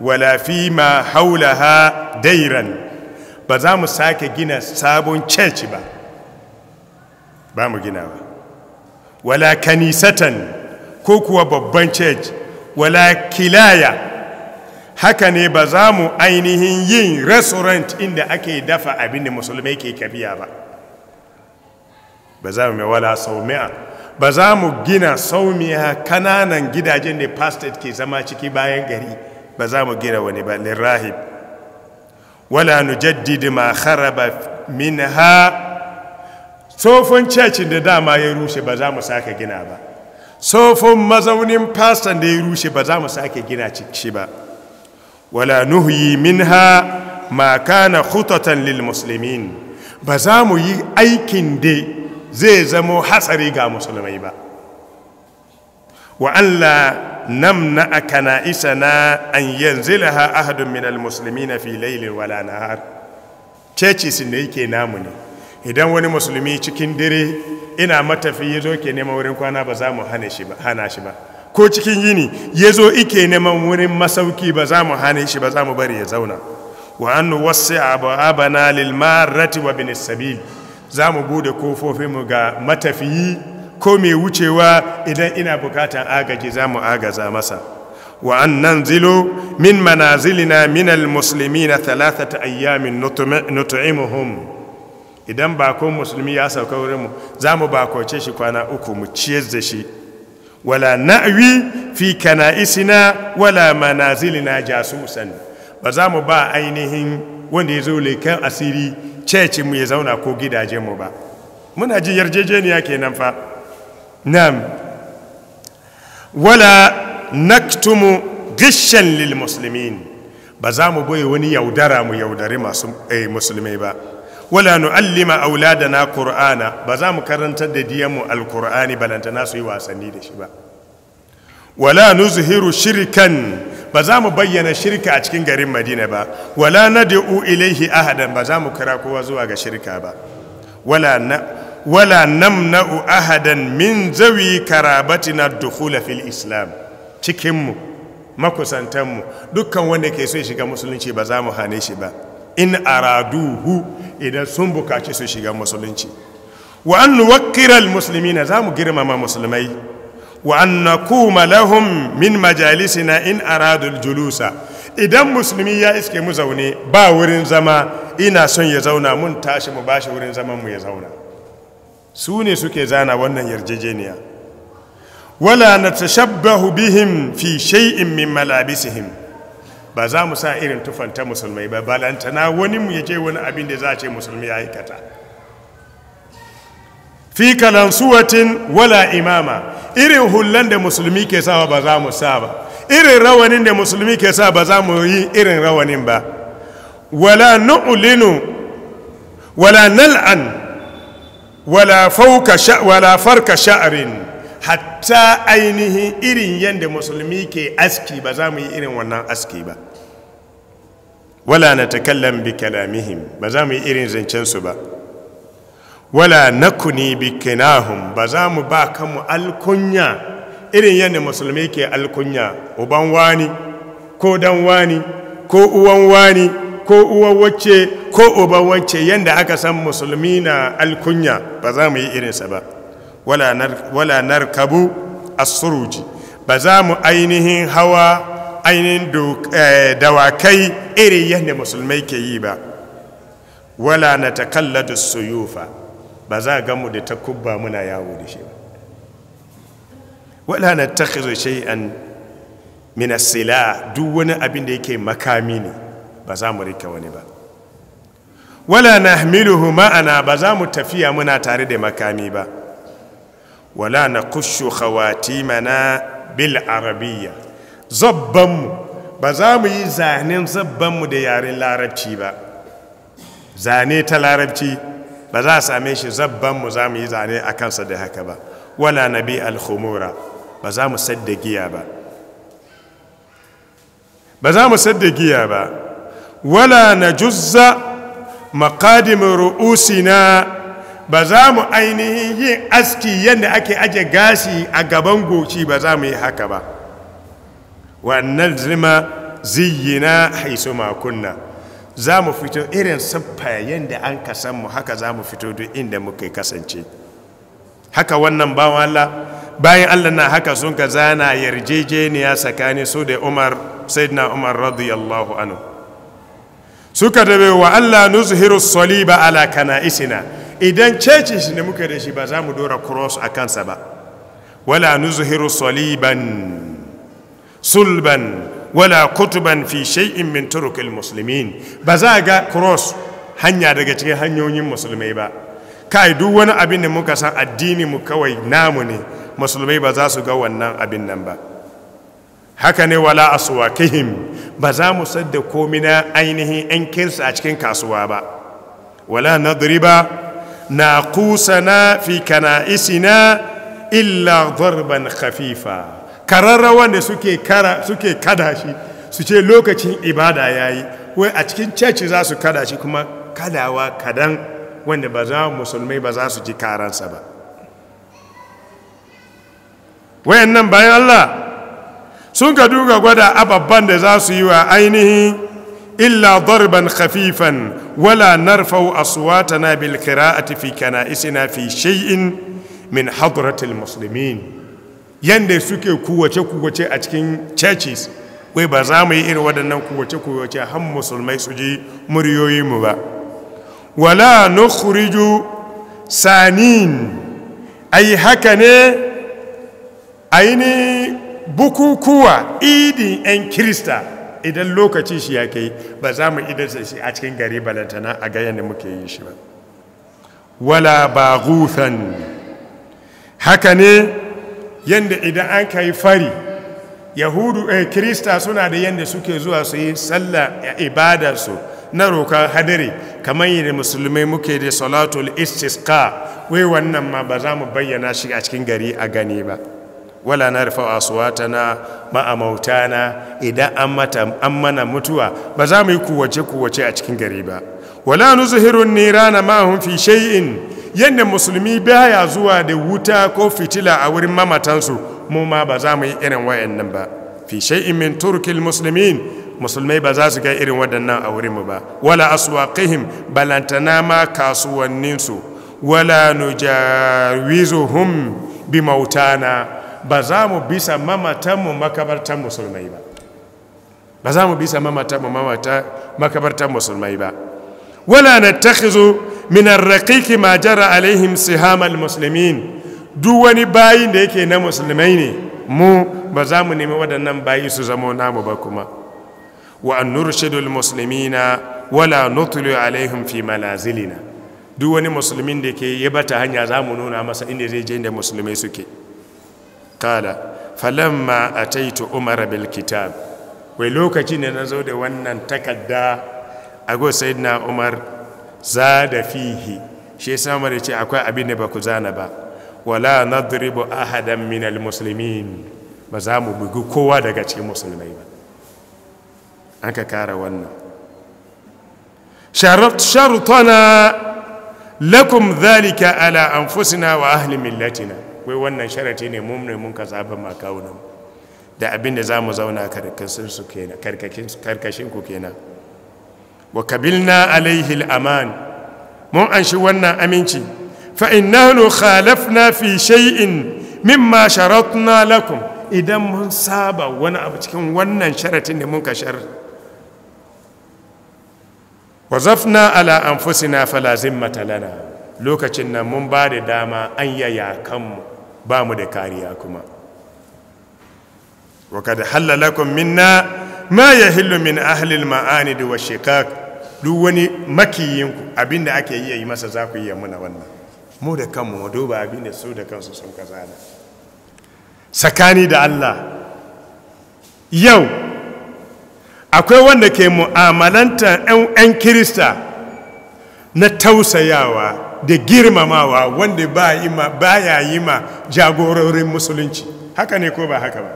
wala fi ma haulaha dairan ba za mu sake gina sabon church ba ba mu ginawa wala kanisatan ko kuwa babban church wala kilaya haka ne ba za mu ainihin yin restaurant inda ake dafa abin da musulmai ke kabiya ba ba za mu mai wala ba za mu gina saumiya kananan gidajen da pastor ke zama ciki bayan gari ba za mu gina wani ba lirahim wala nujaddidi ma kharaba minha tsofin cecin da dama ya rushe ba za mu saka gina ba sofin mazaunin fastan da ya rushe ba za mu sake gina shi ba wala nuhuyi minha ma kana khutatan lil muslimin ba za mu yi aikin da zai zamo hatsari ga musulmai ba wa Allah namna akana isana an yanzilaha ahadun min al muslimin fi laylin wala nahar ceci sun da yake namu ne idan wani musulmi cikin dare ina matafi ya zo ke neman wurin kwana ba za mu hana shi ba ko cikin yini ya zo ike neman wurin masauki ba za mu hana shi ba za mu bari ya zauna wa annu wasu abu abana lilmarati wa bin sabil za mu bude kofofinmu ga matafiyi ko mai wucewa idan ina bukatan agaji za mu agaza masa wa an nan zilo min manazilina minal musulmi na talatata ayyamin nutu'imuhum idan bakon musulmi ya sauka mu. za mu bakoce shi kwana uku mu ciyar da shi wala na'wi fi kana'isina wala manazilina jasu musanni ba za mu ba ainihin wanda ya zo lekan asiri mu ya zauna ko mu ba muna ji yarjejeniya kenan fa nam wala naktumu gishan lil muslimin ba za mu boye wani yaudara mu yaudari masu eh, musulmai ba wala nu'allima auladana qur'ana ba za mu karantar da diyanmu alqur'ani na su yi wasanni da shi ba wala nuzhiru shirkan ba za mu bayyana shirka a cikin garin madina ba wala nad'u ilaihi ahadan ba za mu kira kowa zuwa ga shirka ba wala na wala namna'u ahadan min zawi karabatina dukhula fil islam cikinmu makusantanmu dukkan wanda ke so ya shiga musulunci ba za mu hane shi ba in araduhu idan sun bukaci su shiga musulunci wa an musulmi na za mu girmama musulmai wa an nakuma lahum min majalisina in aradul julusa idan musulmi ya iske mu zaune ba wurin zama ina son ya zauna mun tashi mu bashi wurin zaman mu ya zauna su ne suke zana wannan yarjejeniya wala na natashabbahu bihim fi shay'in min malabisihim ba za mu sa irin tufanta musulmai ba balantana wani mu yake wani abin da za ce musulmi ya aikata fi kalansuwatin wala imama irin hulan da musulmi ke sawa ba za mu sa ba irin rawanin da musulmi ke sa ba za mu yi irin rawanin ba wala nu'linu wala nal'an wala farka sha'rin hatta ainihin irin yadda musulmi ke aski ba za mu yi irin wannan aski ba wala na takallan bi kalamihim ba za mu yi irin zancensu ba wala na bi kinahun ba za mu ba kanmu alkunya irin yadda musulmi ke alkunya uban wani ko dan wani ko uwan wani ko uwan wacce ko uban wacce yadda aka san musulmi na alkunya ba za mu yi irinsa ba wala narkabu asuruji suruji ba za mu ainihin hawa ainihin eh, dawakai iri yadda musulmai ke yi ba wala na da soyofa ba za ga mu da takubba muna yawo da shi ba wala na takhizu shay'an min sila duk wani abin da yake makami ne ba za mu rike wani ba wala na hamilu ma'ana ba za mu tafiya muna tare da makami ba wala na kushu khawatimana bil arabiya. zabbanmu ba za mu yi zanen zabbanmu da yaren larabci ba zane ta larabci ba za a same shi zabbanmu za mu yi zane a kansa da haka ba wala bi alhumura ba za mu sadda giya ba ba za mu sadda giya ba wala na juzza maƙadimin ru'usina ba za mu ainihin yin aski yadda ake aje gashi a gaban goci ba za mu yi haka ba wannan zima ziyina haisu makunna za mu fito irin siffa yadda an kasan mu haka za mu fito duk inda muka kasance haka wannan bawan Allah bayan Allah na haka sun ka zana yarjejeniya tsakanin su da Umar Sayyidina Umar radiyallahu anu suka dabe wa Allah nuzhiru saliba ala kana isina. idan shi ne muka da shi ba za mu dora cross a kansa ba wala nuzuhiru saliban sulban wala kutuban fi shay'in min turukil muslimin ba za ga cross hanya daga cikin hanyoyin musulmai ba kai duk wani abin da muka san addini mu kawai namu ne musulmai ba za su ga wannan abin nan ba haka ne wala aswakihim ba za mu sadda na ainihin yan kirsa a cikin kasuwa ba wala nadriba naqusana fi kana'isina illa zarban khafifa kararrawan da suke suke kada shi su ce lokacin ibada yayi wai a cikin church za su kada shi kuma kadawa kadan wanda ba za musulmai ba za su ji karansa ba wayannan bayan Allah sun ka duga gwada ababban da za su yi wa ainihin illa ضربا khafifan wala narfau aswatana بالقراءة في كنائسنا في fi من min المسلمين yanda suke kuwace kuwace a cikin churches wai ba za mu yi irin waɗannan kuwace kuwace han musulmai su ji muryoyi mu ba wala nukhriju sanin ai haka ne aini bukukuwa idin 'yan kirista idan lokaci shi ya kai ba za mu idarsa shi a cikin gari balantana a ga yadda muke yin shi ba wala ba haka ne yadda idan an kai fari yahudu eh, krista suna da yadda suke zuwa su yi sallah ibada su na roƙar hadari kamar da musulmai muke da salatul istisqa wai wannan ma ba za mu bayyana shi a cikin gari a gani ba wala na rufa na ma'amauta na idan an mata an mana mutuwa ba za mu yi kuwace kuwace a cikin gari ba wala nuzhirun nirana ma hum fi shay'in yanda musulmi baya zuwa da wuta ko fitila a wurin mamatansu mu ma ba za mu yi irin wayannan ba fi shay'in min turkil muslimin musulmai ba za su ga irin waɗannan a wurin mu ba wala aswaqihim balantana ma kasuwanninsu wala nujawizuhum bi mautana ba za mu bisa mamatanmu makabartan musulmai ba ba za mu bisa mamatanmu makabartan musulmai ba wala na takhizu min raƙiƙi ma jara alaihim sihamal musulmin duk wani bayin da yake na musulmai ne mu ba za mu nemi waɗannan bayi su zama namu ba kuma wa an nurshidul muslimina wala nutlu alaihim fi malazilina duk wani musulmin da ke yabata hanya za mu nuna masa inda zai je inda musulmai suke kala falamma ataitu umar bil kitab wai lokacin da nazo da wannan takadda ago sayyidina umar zada fihi shi yasa da ce akwai abin da ba ku zana ba wala nadribu ahadan min al muslimin ba za mu bugu kowa daga cikin musulmai ba an ka kara wannan sharutana lakum dhalika ala anfusina wa ahli millatina wai wannan sharati ne mun mun ka zaɓa ma da abin da za mu zauna karkashin ku kenan wa kabilna alaihi al'aman mun an shi wannan aminci fa'in nanu khalafna fi shay'in mimma sharatna lakum idan mun saba wani abu cikin wannan sharatin ne mun ka shar wazafna ala anfusina falazin matalana lokacin nan mun ba da dama an yaya kanmu ba mu da kariya kuma wa da halalakum minna ma yahillu min ahli ma'ani da wa sheka duk wani makiyinku abinda ake yi yi masa za ku yi muna wannan mu da kanmu mu duba abinda su da kansu sun kazana sakani da Allah yau akwai wanda ke mu'amalanta 'yan kirista na tausayawa da girmamawa wanda ba ya yi ma jagororin musulunci haka ne ko ba haka ba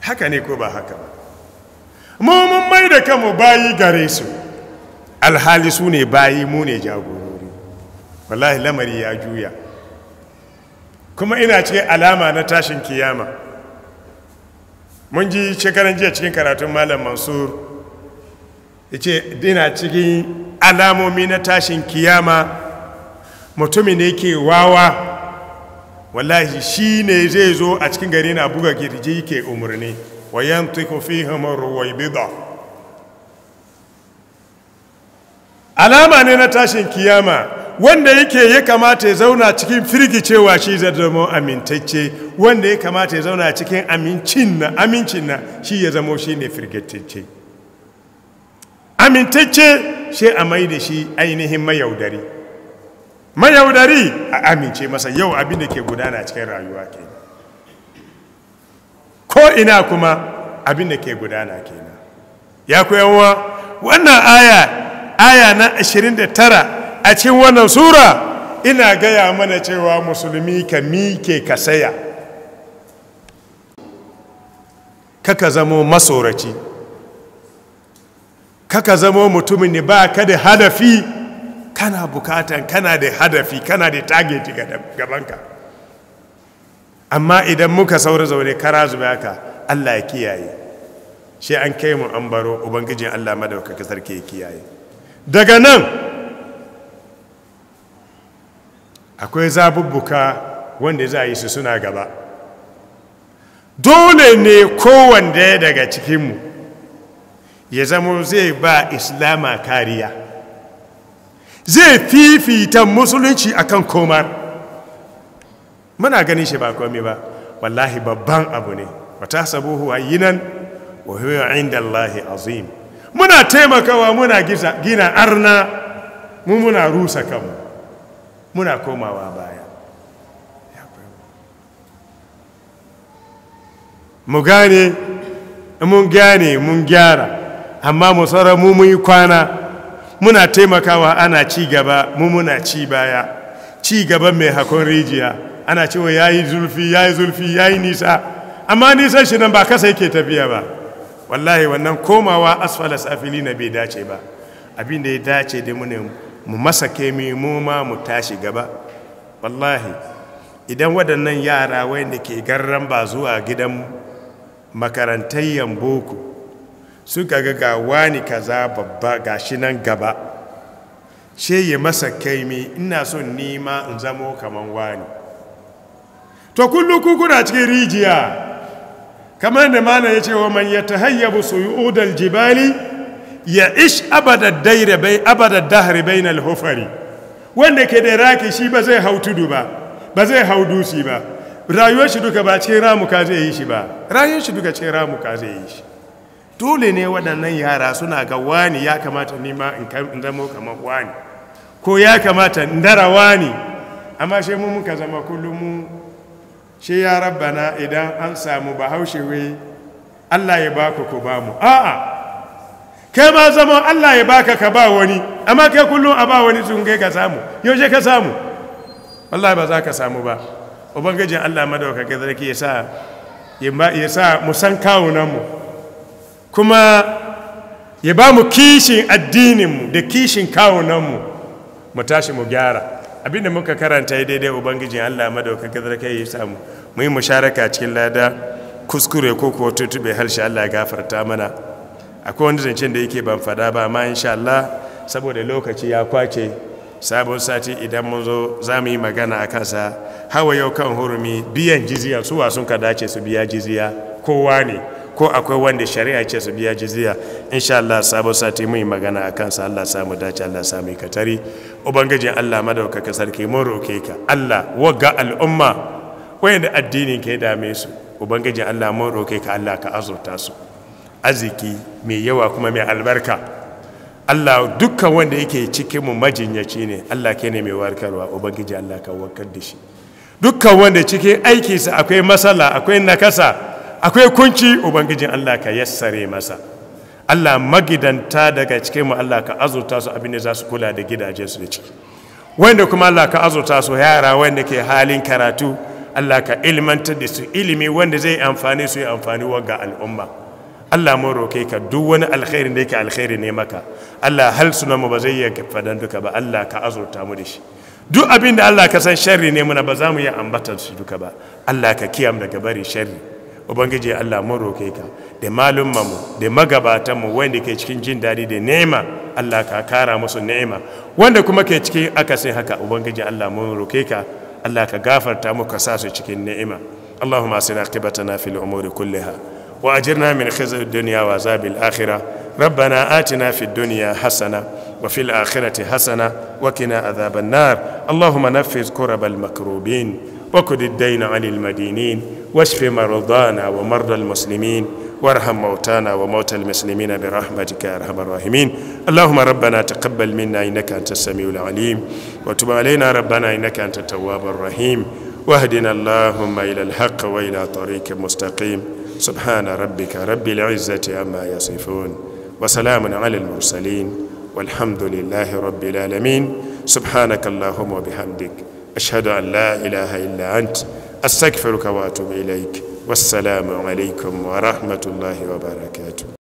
haka ne ko ba haka ba mun mai da kanmu bayi gare su alhali su ne bayi mu ne jagorori wallahi lamari ya juya kuma ina ce alama na tashin kiyama mun ji shekaran jiya cikin karatun malam mansur yace dina cikin alamomi na tashin kiyama mutumin ne ke wawa wallahi shi ne zai zo a cikin gari na buga girji ke umarni wa alama ne na tashin kiyama wanda yake ya kamata ya zauna cikin firgicewa shi zai zama amintacce wanda ya kamata ya zauna cikin amincin na shi ya zama shi ne firgitacce amintacce shi a mai da shi ainihin mayaudari mayaudari a amince masa yau abin da ke gudana cikin rayuwa ke ko ina kuma abin da ke gudana ke ya yawa wannan aya aya na 29 a cikin wannan sura ina gaya mana cewa musulmi ka mike ka saya kaka zamo masoraci kaka zamo mutumin ne ba ka da hadafi kana bukatan kana da hadafi kana da tageti ga gabanka amma idan muka saura zaune kara zuba haka Allah ya kiyaye shi an kai mu an baro ubangijin Allah madaukaka sarki ya kiyaye daga nan akwai zabubbuka wanda za yi su suna gaba dole ne kowanne daga cikinmu ya zama zai ba islama kariya zai fifita musulunci akan komar muna ganin shi ba komai ba wallahi babban abu ne wata sabuhu hayyinan wa inda Allahi azim muna taimakawa muna gina arna mu muna rusa kanmu muna komawa baya mu gane mun gane mun gyara amma mu tsara mu mun yi kwana muna taimakawa ana ci gaba mu muna ci baya ci gaba mai hakon rijiya ana cewa yayi zulfi yayi zulfi yi nisa amma nisan shi nan ba kasa yake tafiya ba wallahi wannan komawa asfala safili na bai dace ba abin da ya dace da mu mu masa kemi mu ma mu tashi gaba wallahi idan waɗannan yara wayanda ke garran ba zuwa gidan makarantayyan boko suka ga ga wani kaza babba gashi nan gaba she ya masa kaimi ina so nima in zamo kamar wani to kullu kukuna cikin rijiya kamar da mana ya ce wa man ya yi udal jibali ya ish abadad daire bai dahari bai na wanda ke da raki shi ba zai hau tudu ba ba zai hau dusi ba rayuwar shi duka ba ce ramuka zai yi shi ba rayuwar shi duka ce ramuka zai yi shi dole ne waɗannan yara suna ga wani ya kamata nima in zamo kama wani ko ya kamata in dara wani amma shi mu muka zama kullum mu shi ya rabbana idan an samu haushe wai Allah ya baka ku ba mu a'a kai ma zama Allah ya baka ka ba wani amma kai kullum a ba wani sun kai ka samu yaushe ka samu wallahi ba za ka samu ba ubangijin Allah madaukake sarki ya sa ya sa mu san kawunan mu kuma ya ba mu kishin addininmu da kishin kawunanmu mu tashi mu gyara abinda muka karanta ya daidai ubangijin allah gazar kai, ya samu mu yi musharaka cikin lada kuskure ko kuwa tutube harshe allah ya gafarta mana akwai wani zancen da yake ban fada ba ma insha allah saboda lokaci ya kwace sabon sati idan mun zo za mu yi magana a kansa hawa yau kan hurumi biyan jiziya su sun ka dace su biya jiziya kowa ne ko akwai wanda shari'a ce su biya jizya insha Allah sabon sati yi magana a kansa Allah samu dace Allah samu katari ubangijin Allah madaukaka sarki mun roke ka Allah waga al'umma wayanda addinin ke dame su ubangijin Allah mun roke ka Allah ka azurta su aziki mai yawa kuma mai albarka Allah dukkan wanda yake cikin mu majinyaci ne Allah ke ne mai warkarwa ubangijin Allah ka warkar da shi dukkan wanda cikin aikinsa akwai matsala akwai nakasa akwai kunci ubangijin Allah ka yassare masa Allah magidanta daga cikin mu Allah ka azurta su abin da za su kula da gidajen su da ciki wanda kuma Allah ka azurta su yara wanda ke halin karatu Allah ka ilmantar da su ilimi wanda zai amfani su ya amfani ga al'umma Allah mun roke ka duk wani alkhairi da yake alkhairi ne maka Allah hal mu ba zai yi fadan duka ba Allah ka azurta mu da shi duk abin da Allah ka san sharri ne muna ba za mu yi ambata su duka ba Allah ka kiyam daga bari sharri ubangiji Allah mun roke ka da malummanmu da magabatanmu wanda ke cikin jin daɗi da nema Allah ka kara musu nema wanda kuma ke cikin akasin haka ubangiji Allah mun roke ka Allah ka gafarta mu ka sa su cikin ni'ima اللهم أسنا عقبتنا في الأمور كلها وأجرنا من خزي الدنيا وعذاب الآخرة ربنا آتنا في الدنيا حسنة وفي الآخرة حسنة وكنا عذاب النار اللهم نفذ كرب المكروبين وكد الدين عن المدينين واشف مرضانا ومرضى المسلمين وارحم موتانا وموتى المسلمين برحمتك يا ارحم الراحمين اللهم ربنا تقبل منا انك انت السميع العليم وتب علينا ربنا انك انت التواب الرحيم واهدنا اللهم الى الحق والى طريق مستقيم سبحان ربك رب العزه عما يصفون وسلام على المرسلين والحمد لله رب العالمين سبحانك اللهم وبحمدك أشهد أن لا إله إلا أنت أستغفرك وأتوب إليك والسلام عليكم ورحمة الله وبركاته